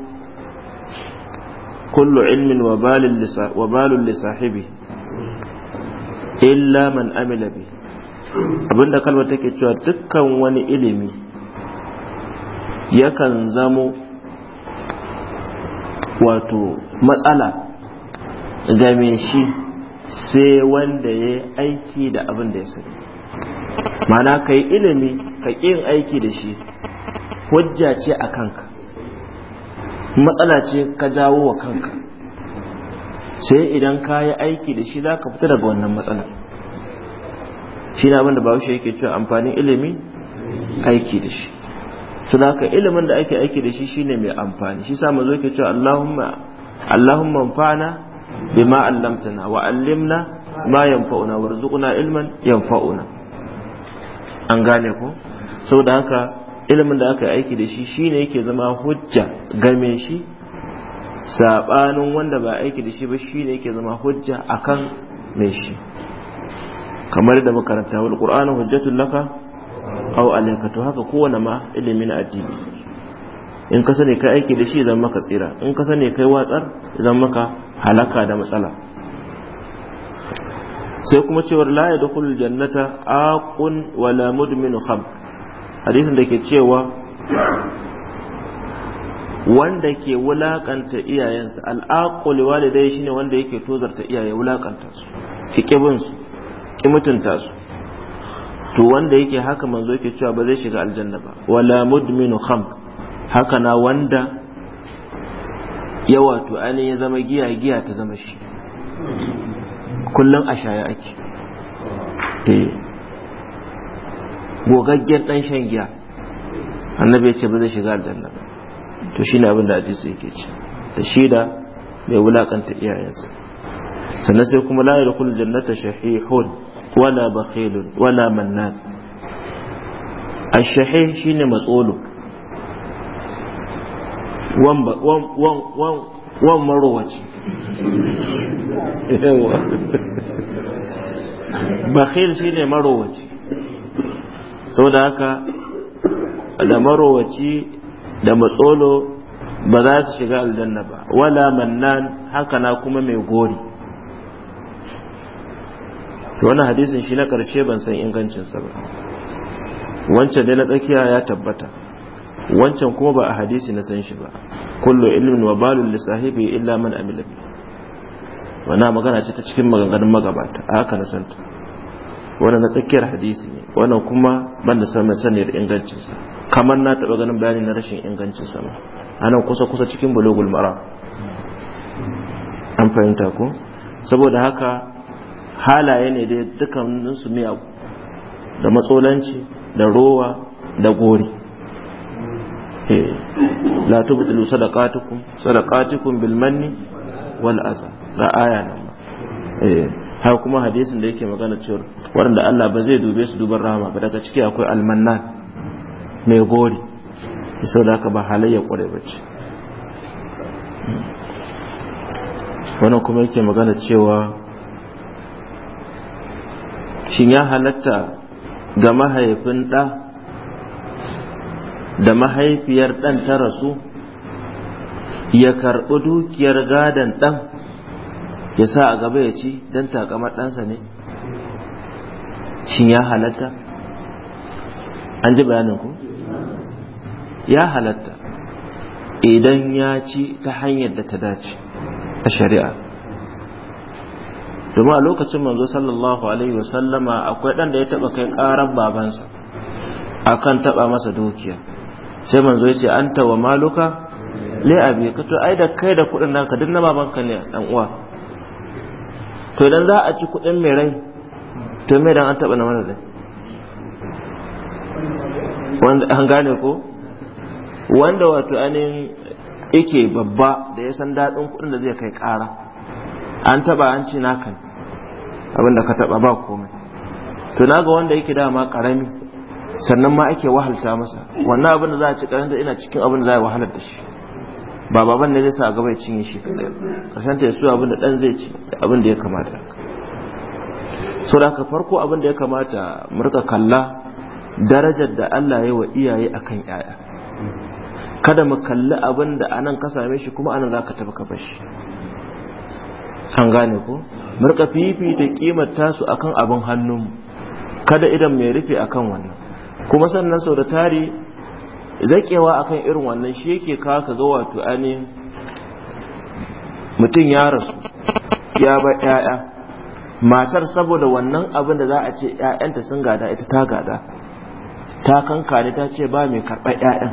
kullu ilmin wa balun lissahibi illa man amila Abin da kalma take cewa dukkan wani ilimi yakan zamo wato matsala game shi sai wanda ya aiki da abin da ya sani mana ka yi ilimi ka yin aiki da shi hujja ce a kanka matsala ce ka jawo wa kanka sai idan ka yi aiki da shi za ka fita daga wannan matsala shi na abinda ba shi yake cewa amfanin ilimi aiki da shi su da ilimin da ake aiki da shi shine mai amfani shi sa mazo yake cewa Allahumma Allahumma fana bima allamtana wa allimna ma yanfa'una warzuqna ilman yanfa'una an gane ko saboda haka ilimin da aka yi aiki da shi shine yake zama hujja game shi sabanin wanda ba aiki da shi ba shine yake zama hujja akan mai shi kamar da makaranta wal qur'anu hujjatul laka aw alayka to haka kowane ma ilimin addini in ka sani kai aiki da shi zan maka tsira in ka sani kai watsar zan maka halaka da matsala sai kuma cewar la yadkhulul jannata aqun wala mudminu khamr hadisin da ke cewa wanda ke wulakanta iyayensa al'aqul walidai shine wanda yake tozarta iyaye wulakanta su ki kibin su ki mutunta su to wanda yake haka manzo yake cewa ba zai shiga aljanna ba wala mudminu kham haka na wanda ya wato ainihin ya zama giya giya ta zama shi kullum a shaya ake eh. gogaggen dan shan giya annabi ya ce ba zai shiga aljanna ba to shine abin da hadisi yake ce da shi da mai wulakanta iyayensa sannan sai kuma la yadkhul jannata shahihun wala bakhilun wala mannan ash-shahih shine matsolo wan wan wan wan marowaci bakhil shine marowaci Sau da haka da marowaci da matsolo ba za su shiga aljanna ba wala mannan haka na kuma mai gori Wani hadisin shi na ƙarshe ban san ingancinsa ba wancan dai na tsakiya ya tabbata wancan kuma ba a hadisi na san shi ba kullu ilmin wa balun sahibi illa man amila bi wana magana ce ta cikin maganganun magabata a haka na santa wannan na tsakiyar hadisi ne wannan kuma ban da samun saniyar ingancinsa kamar na taɓa ganin bayani na rashin ingancinsa ma a kusa kusa cikin bulogul mara an fahimta ko saboda haka halaye ne dai dukkanin su miyagu da matsolanci da rowa da gori eh. la tubtilu sadaqatukum sadaqatukum bil manni wal ga aya Eh, har kuma hadisin da yake magana cewa waɗanda Allah ba zai dube su duban rahama ba daga ciki akwai almannan mai gori sau da haka ba halayya kware ba ce wannan kuma yake magana cewa shin ya halatta ga mahaifin ɗa da mahaifiyar ɗan ta rasu ya karɓi dukiyar gadon ɗan ya sa a gaba ya ci don takamar ɗansa ne shin ya halatta an ji bayanin ku ya halatta idan ya ci ta hanyar da ta dace a shari'a domin a lokacin manzo sallallahu alaihi wasallama akwai ɗan da ya taɓa kai ƙarar babansa akan taɓa masa dukiya sai manzo ya ce an tawa maluka le abi ka to ai da kai da kuɗin naka duk na babanka ne ɗan uwa to idan za a ci kuɗin mai rai to mai dan an taɓa na mara rai wanda an gane ko wanda wato anin yake babba da ya san daɗin kuɗin da zai kai ƙara an taɓa an ci nakan abinda ka taɓa ba komai to na ga wanda yake dama ƙarami sannan ma ake wahalta masa wannan abin da za a ci karanta ina cikin abin da za a wahalar da shi ba baban ne zai sa a gaba cinye shi kadai kasanta ya abin da dan zai ci da abin da ya kamata so da ka farko abin da ya kamata mu kalla darajar da Allah ya wa iyaye akan yaya kada mu kalli abin da anan ka same shi kuma anan zaka tafi ka bar shi an gane ko murka fifita kimar tasu akan abin hannun kada idan mai rufe akan wannan kuma sannan sau da tari zakewa akan irin wannan shi yake kawo ka ga wato ainihin mutum ya rasu ya ba ƴaƴa matar saboda wannan abin da za a ce ƴaƴanta sun gada ita ta gada ta kankane ta ce ba mai karɓar ƴaƴan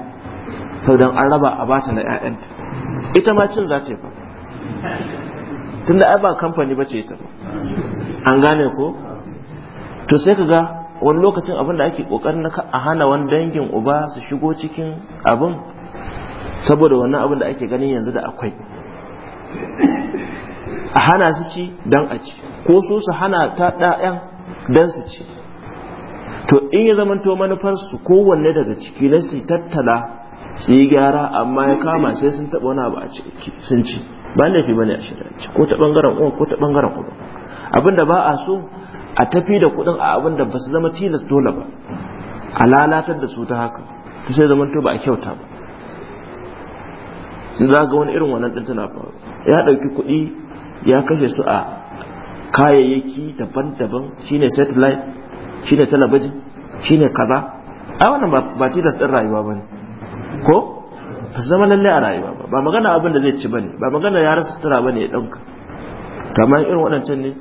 sau don an raba a bata na ƴaƴanta ita ma cin za ce fa tunda ai ba kamfani ba ce ita an gane ko to sai ka ga wani lokacin abin da ake kokarin na a hana wani dangin uba su shigo cikin abin saboda wannan abin da ake ganin yanzu da akwai a hana su ci don a ci ko su su hana ta ɗayan don su ci to in ya zamanto manufarsu kowanne daga ciki na su tattala su yi gyara amma ya kama sai sun taɓa wani abu a ciki sun ci ba laifi ne a shirya ko ta ɓangaren uwa ko ta ɓangaren uba abinda ba a so a tafi da kuɗin a abin da ba su zama tilas dole ba a lalatar da su ta haka ta sai zaman to ba a kyauta ba sun za ga wani irin wannan ɗin tana faru ya ɗauki kuɗi ya kashe su a kayayyaki daban-daban shine satellite shine talabijin shine kaza a wannan ba tilas ɗin rayuwa ba ne ko ba su zama lallai a rayuwa ba ba magana abin da zai ci ba ne ba magana ya rasa sutura ba ne ya ɗauka kamar irin waɗancan ne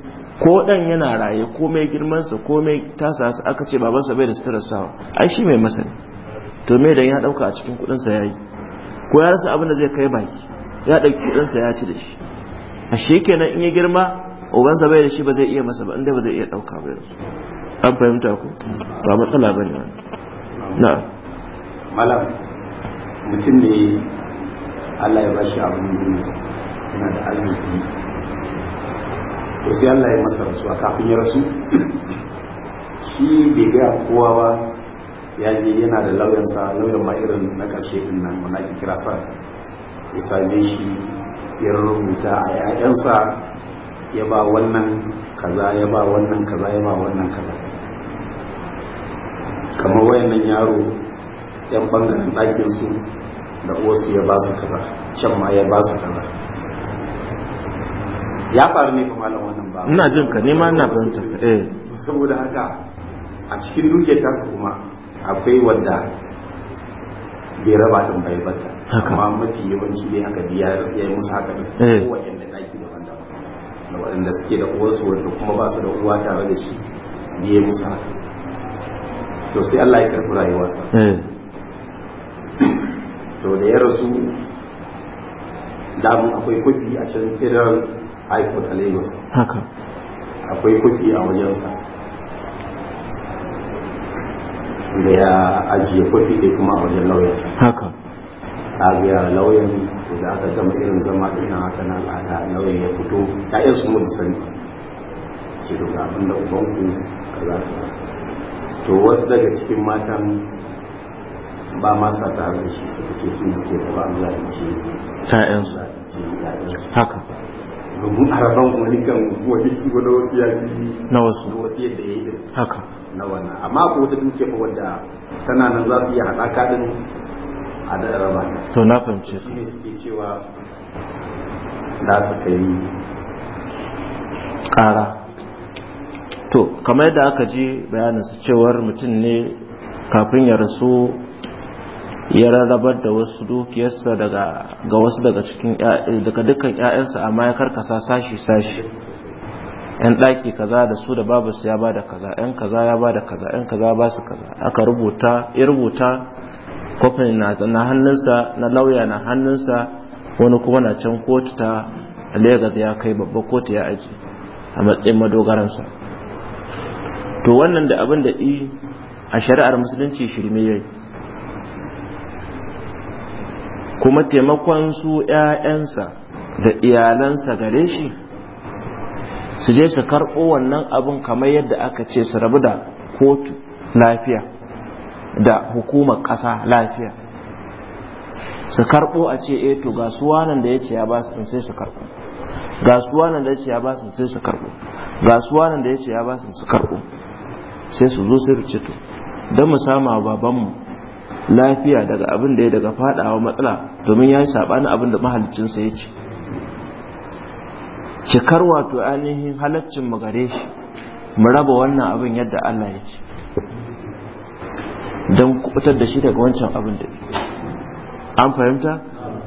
ko dan yana raye komai girmansa komai tasa su aka ce babansa bai da sutura ai shi mai masani to me dan ya dauka a cikin kudin sa yayi ko ya rasa abin da zai kai baki ya dauki kudin sa ya ci da shi a shekenan in ya girma ubansa bai da shi ba zai iya masa ba inda ba zai iya dauka ba yanzu an fahimta ku ba matsala bane na malam mutum ne Allah ya bashi abin duniya yana da arziki to sai Allah ya masa rasuwa kafin ya rasu shi bai gaya kowa ba ya je yana da lauyansa lauyan ma irin na ƙarshe din nan wanda ake kira sa ya same shi ya rubuta a ƴaƴansa ya ba wannan kaza ya ba wannan kaza ya ba wannan kaza kamar wayannan yaro yan bangaren ɗakin su da uwarsu ya ba su kaza can ma ya ba su kaza ya faru ne kuma malam ina jin ka nema ina fahimta eh saboda haka a cikin dukiyar su kuma akwai wanda bai raba din bai bata amma mafi yawanci dai haka biya ya yi musu haka ne eh. ko da daki da wanda da waɗanda suke da uwarsu wanda kuma ba su da uwa tare da shi biye musu haka to sai Allah ya karɓi rayuwarsa eh. to da ya rasu da mu akwai kwafi a can firar iphone a lagos haka akwai kuɗi a wajensa da ya ajiye kuɗi da kuma a wajen lauyan haka ta biya lauyan da aka gama irin zama ina haka na al'ada lauyan ya fito ta iya su mutu sani ce da gaban da ubanku kaza ta. to wasu daga cikin matan ba ma sa tare da shi suka ce su suke da ba Allah ya ce ta'yansu haka domin a wani kan wani kiwo na wasu ya fi na wasu na wasu yadda ya yi din haka na wannan amma ko wata duke fa wadda tana nan za su iya haɗaka din a da raba to na fahimci. shi ne suke cewa za su kai ƙara to kamar yadda aka ji su cewar mutum ne kafin ya rasu ya rarrabar da wasu dukiyarsa daga ga wasu daga cikin daga dukkan ƴaƴansa amma ya karkasa sashi sashi yan ɗaki kaza da su da babu su ya bada kaza yan kaza ya bada kaza yan kaza ba su kaza aka rubuta ya rubuta kofin na hannunsa na lauya na hannunsa wani kuma na can kotu ta Legas ya kai babba kotu ya aji a matsayin madogaransa to wannan da abin da i a shari'ar musulunci shirme yayi kuma taimakon su ‘ya'yansa da iyalansa gare shi su je su karɓo wannan abin kamar yadda aka ce su rabu da kotu lafiya da hukumar ƙasa lafiya su karɓo a ce e to ga wanan da ya ce ya ba su sai su karɓo ga wanan da ya ce ya ba su sai su karɓo ga wanan da ya ce ya ba su su karɓo sai su zo sai su ce to don mu sama babanmu lafiya daga abin da ya daga fadawa matsala domin ya yi sabanin abin da mahalicinsa ya ce cikar wato ainihin halaccin mu gare shi mu raba wannan abin yadda Allah ya ce don kubutar da shi daga wancan abin da an fahimta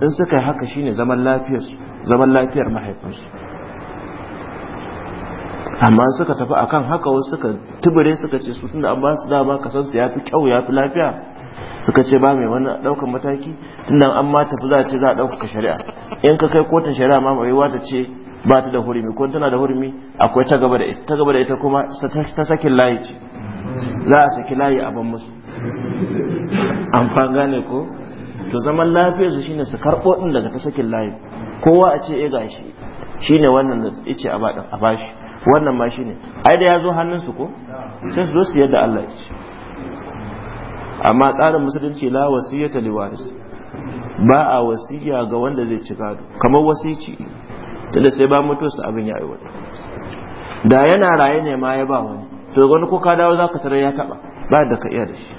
in suka yi haka shine zaman lafiyar zaman lafiyar mahaifinsu amma suka tafi akan haka wasu suka tubure suka ce su da an ba su dama kasansu ya fi kyau ya fi lafiya suka ce ba mai wani daukan mataki tunda an ma tafi za a ce za a ɗaukaka shari'a in ka kai kotun shari'a ma mai ta ce ba ta da hurumi ko tana da hurumi akwai ta gaba da ita ta gaba da ita kuma ta sakin layi ce za a saki layi a ban musu amfan gane ko to zaman lafiyar su shine su karɓo ɗin daga ta sakin layi kowa a ce eh gashi shine wannan da ice a bashi wannan ma shine ai da ya zo hannun su ko sai su zo su yadda Allah ya ce amma tsarin musulunci la wasiyata li waris ba a wasiya ga wanda zai ci gado kamar wasici tunda sai ba su abin ya wani da yana raye ne ma ya ba wani to wani ko ka dawo zaka tare ya taba ba da ka iya da shi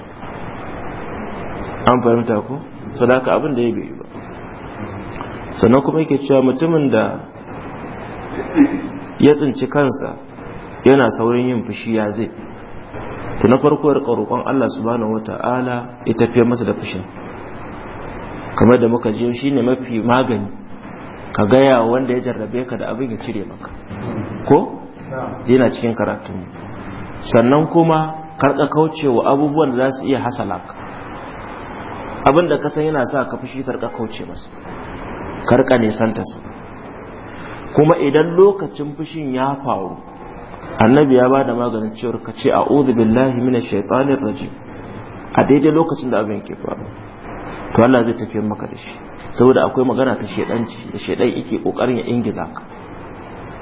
an fahimta ko to da ka abin da ya bai ba sannan kuma yake cewa mutumin da ya tsinci kansa yana saurin yin fushi ya zai to na farko ya roƙon Allah subhanahu wata'ala ya tafiye masa da fushin kamar da muka ji shi ne mafi magani ka gaya wanda ya jarrabe ka da abin ya cire maka ko yana cikin karatun sannan kuma karka wa abubuwan da za su iya hasala ka abin da kasan yana sa ka fushi karka kauce masa karka santas kuma idan lokacin fushin ya faru annabi ya bada maganin cewar ka ce a'udhu billahi minash shaitanir rajim a daidai lokacin da abin ke faru to Allah zai tafi maka da shi saboda akwai magana ta shedanci da shedan yake kokarin ya ingiza ka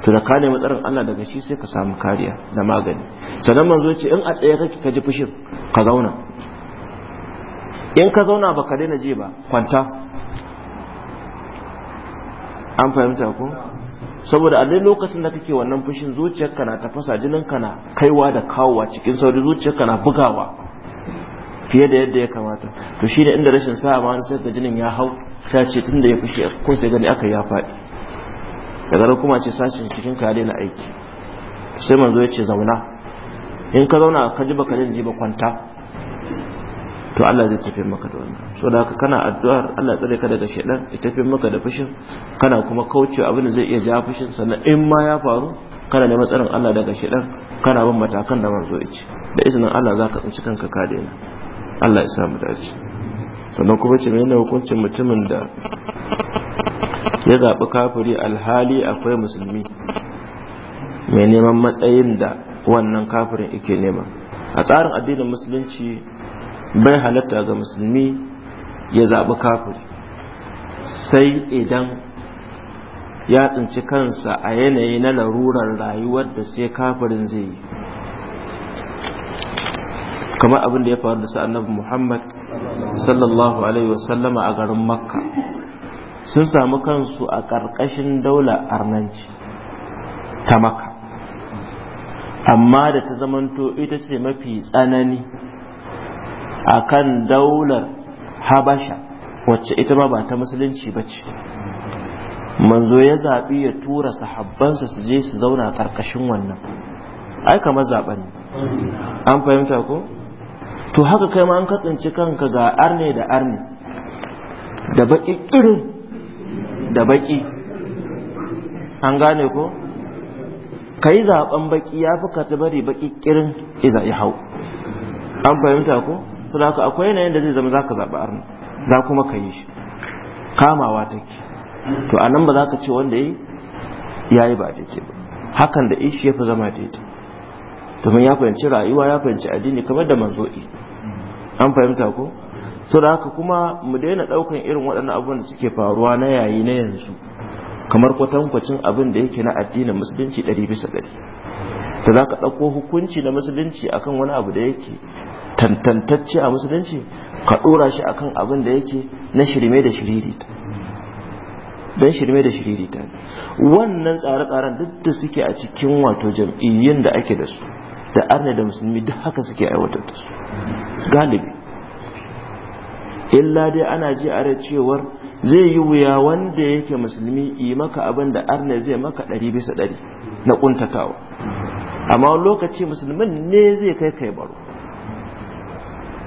to da ka nemi tsarin Allah daga shi sai ka samu kariya da magani sannan manzo ce in a tsaye kake ka ji fushin ka zauna in ka zauna baka daina ji ba kwanta an fahimta ko saboda a dai lokacin da kake wannan fushin zuciyarka na tafasa jininka na kaiwa da kawowa cikin sauri zuciyarka na bugawa fiye da yadda ya kamata to shi ne inda rashin sa'a ma sai da jinin ya hau ta ce tun da ya fushi ko sai gani aka ya faɗi daga nan kuma ce sashin cikin ka na aiki sai manzo ya ce zauna in ka zauna ka ji baka jin ji ba kwanta to Allah zai tafi maka da wannan da haka kana addu'ar Allah tsare ka daga shedan ya tafi maka da fushin kana kuma kaucewa abin da zai iya ja fushin sannan in ma ya faru kana neman tsarin Allah daga shedan kana bin matakan da manzo yace da izinin Allah zaka tsinci kanka ka daina Allah ya samu dace sannan kuma ce hukuncin mutumin da ya zaɓi kafiri alhali akwai musulmi mai neman matsayin da wannan kafirin yake nema a tsarin addinin musulunci bai halatta ga musulmi ya zaɓi kafiri sai idan ya tsinci kansa a yanayi na larurar rayuwar da sai kafirin zai yi kamar abin da ya faru da sa'annabi muhammad sallallahu alaihi wasallama a garin makka sun samu kansu a ƙarƙashin daula arnanci ta maka amma da ta zamanto ita ce mafi tsanani akan daular habasha wacce ita ma ba ta musulunci ba ce manzo ya zaɓi ya tura sahabbansa su je su zauna ƙarƙashin wannan ai kamar zaɓen an fahimta ko to haka kai ma an katsinci kanka ga arne da arne da baƙi irin da baƙi an gane ko ka yi zaɓen baƙi ya fi ka bari baƙi ƙirin iza ya hau an fahimta ko su haka akwai yanayin da zai zama za ka zaɓi arna za kuma ka yi shi kamawa take to a nan ba za ka ce wanda ya yi ya yi ba daidai ba hakan da ishi ya fi zama daidai domin ya fahimci rayuwa ya fahimci addini kamar da manzo'i an fahimta ko to da haka kuma mu daina ɗaukan irin waɗannan abubuwan da suke faruwa na yayi na yanzu kamar kwatankwacin abin da yake na addinin musulunci ɗari bisa ɗari da za ka ɗauko hukunci na musulunci akan wani abu da yake tantantacce a musulunci ka dora shi akan abin da yake na shirme da shiririta don shirme da shiririta wannan tsare-tsaren duk da suke a cikin wato jam'iyyun da ake da su da arna da musulmi duk haka suke aiwatar da su galibi illa dai ana ji a cewar zai yi wuya wanda yake musulmi yi maka abin da arna zai maka ɗari bisa ɗari na ƙuntatawa amma lokaci musulmin ne zai kai kai baro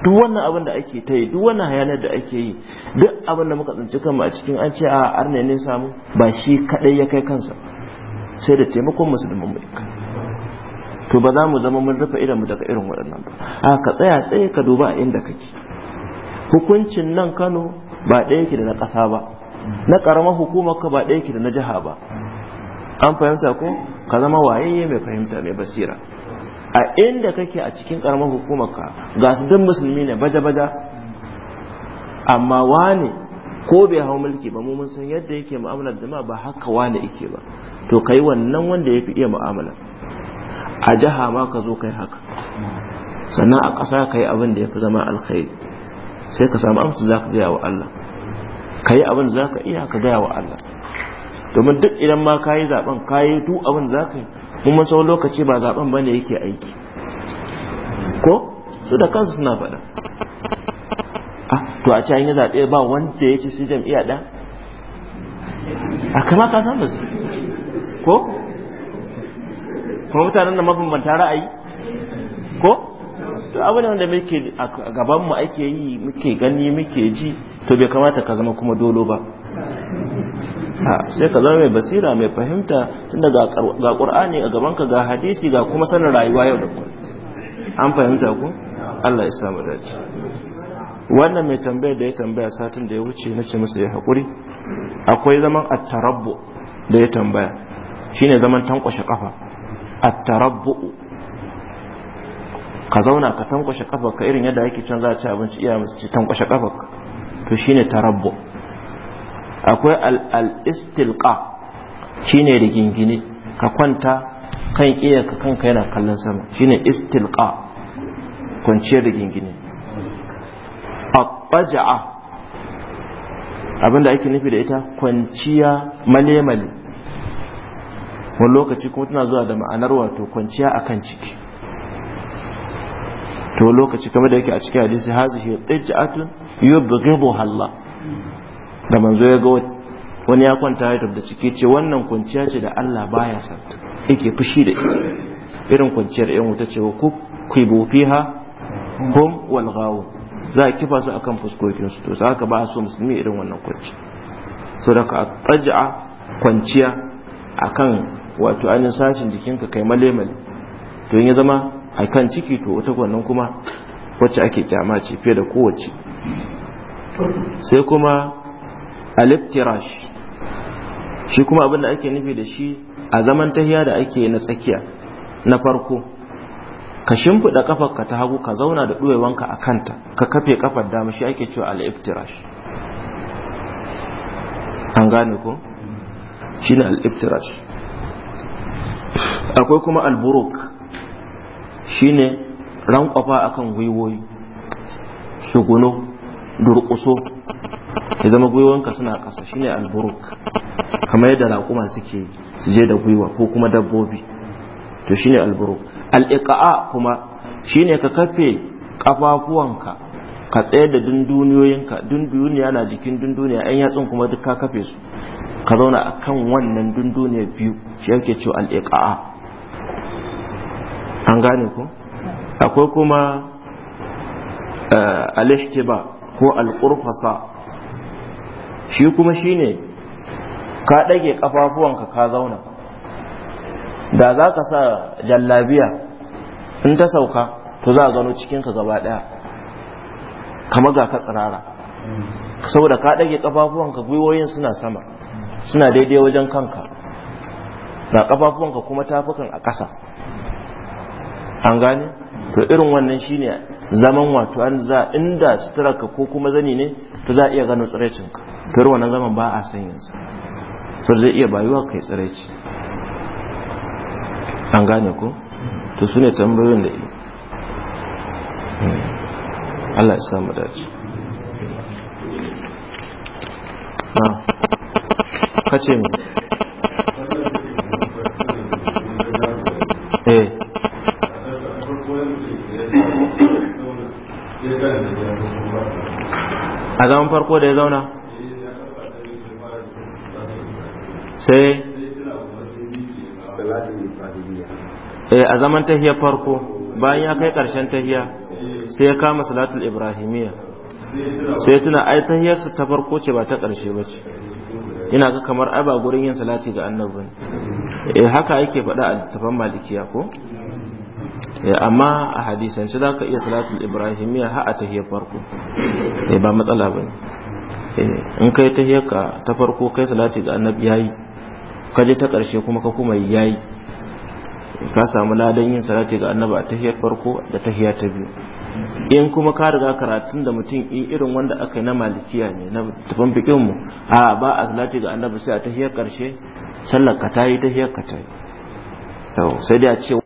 duk wannan abin da ake ta yi duk wannan hayanar da ake yi duk abin da muka tsinci kanmu a cikin an ce a arne ne samu ba shi kadai ya kai kansa sai da taimakon musulman mu to ba za mu zama mun rufe idan mu daga irin waɗannan ba a ka tsaya tsaye ka duba a inda kake hukuncin nan Kano ba ɗaya yake da na ƙasa ba na ƙaramar hukumar ka ba ɗaya yake da na jiha ba an fahimta ko ka zama waye mai fahimta mai basira a inda kake a cikin karamar hukumarka ga su duk musulmi ne baja-baja amma wane ko bai hau mulki ba mu mun san yadda yake mu'amalar jama'a ba haka wane yake ba to kai wannan wanda ya fi iya mu'amala a jiha ma ka zo kai haka sannan a ƙasa ka yi abin da ya fi zama alkhairi sai ka samu amsa za ka gaya wa Allah ka yi abin za ka iya ka gaya wa Allah domin duk idan ma ka yi zaɓen ka yi duk abin za ka yi kuma sau lokaci ba zaben bane yake aiki ko su da kansu suna faɗa ah, to a ce an yi zaɓe ba wanda ya ci su jam'iyya ɗan a kama ka samu su ko kuma mutanen da mabambanta ra'ayi ko to abu ne wanda muke a gaban mu ake yi muke gani muke ji to bai kamata ka zama kuma dolo ba sai ka zama mai basira mai fahimta tunda ga qur'ani a gaban ka ga hadisi ga kuma sanin rayuwa yau da kullum an fahimta ku Allah ya samu dace wannan mai tambayar da ya tambaya satin da ya wuce na ce masa ya haƙuri akwai zaman attarabbu da ya tambaya shine zaman tankwashe kafa attarabbu ka zauna ka tankwashe ka irin yadda ake can za a ci abinci iya masu ci tankwashe kafarka to shine tarabbu akwai al-istilqa shine rigingine ka kwanta kan ka kanka yana kallon sama shine istilqa kwanciyar rigingine abbaja'a abinda ake nufi da ita kwanciya male-male wani lokaci kuma tana zuwa da ma'anar wato kwanciya akan ciki to lokaci kamar da yake a cikin hadisi hazihi qij'atun yubghidha Allah da manzo ya ga wani ya kwanta ya tabbata ciki ce wannan kwanciya ce da Allah baya san yake fushi da ita irin kwanciyar yan wuta ce ku kuibu fiha hum wal za a kifa akan fuskokin su to saka ba so musulmi irin wannan kwanci. so da ka tsaja kwanciya akan wato ainihin sashin jikinka kai male to in ya zama a kan ciki to wata wannan kuma wacce ake kyama ce fiye da kowace sai kuma aliftirash shi kuma abin da ake nufi da shi a zaman tahiya da ake na tsakiya na farko ka shimfiɗa ka ta hagu ka zauna da ɗuwewanka a kanta ka kafe kafar dama shi ake cewa al'iftirash an gane ko shi ne al'iftirash akwai kuma alburuk shi ne rankwafa akan gwiwoyi shugunu. durƙuso ya zama gwiwanka suna ƙasa shine alburuk kamar yadda raƙuma suke su je da gwiwa ko kuma dabbobi to shine alburuk al'iƙa'a kuma shine ka kafe ƙafafuwanka ka tsaye da dunduniyoyinka dunduniya na jikin dunduniya ɗan yatsun kuma duk ka kafe su ka zauna a kan wannan dunduniyar biyu shi yake cewa al'iƙa'a an gane ku akwai kuma eh, alihtiba ko alƙurfasa shi kuma shi ne ka ɗage ƙafafuwanka ka zauna da za ka sa jallabiya in ta sauka to za a gano cikinka gaba ɗaya kama ga ka tsirara saboda ka ɗage ƙafafuwanka gwiwoyin suna sama suna daidai wajen kanka na ƙafafuwanka kuma tafukan a ƙasa an gane to irin wannan shine zaman wato an za inda suturarka ko kuma zani ne to za a iya gano tsiraicinka to ruwa zaman ba a san yanzu to zai iya bayuwa kai tsiraici an gane ko to su ne tambayoyin da yi hmm. Allah ya samu dace kace ne a zaman farko da ya zauna sai eh, a zaman tahiyar farko bayan ya kai karshen tahiya sai ya kama salatul ibrahimiyya sai tuna ai tahiyarsa ta farko ce ba ta ƙarshe ba ce ina ga kamar ai ba gurin yin salati ga annabi eh, haka yake faɗa a tafan malikiya ko Eh, amma a hadisance za ka iya salatul ibrahimiyya ha a tahiyar farko eh, ba matsala ba ne eh, in kai tahiyar ka ta farko kai salati ga annabi yayi ka je ta ƙarshe kuma ka kuma yayi ka samu ladan yin salati ga annabi a tahiyar farko da tahiya ta biyu in kuma ka riga karatun da mutum irin wanda aka yi na malikiya ne na tafan bikinmu mu a ba a salati ga annabi sai a tahiyar ƙarshe sallar ka yi tahiyar ka tayi sai dai a ce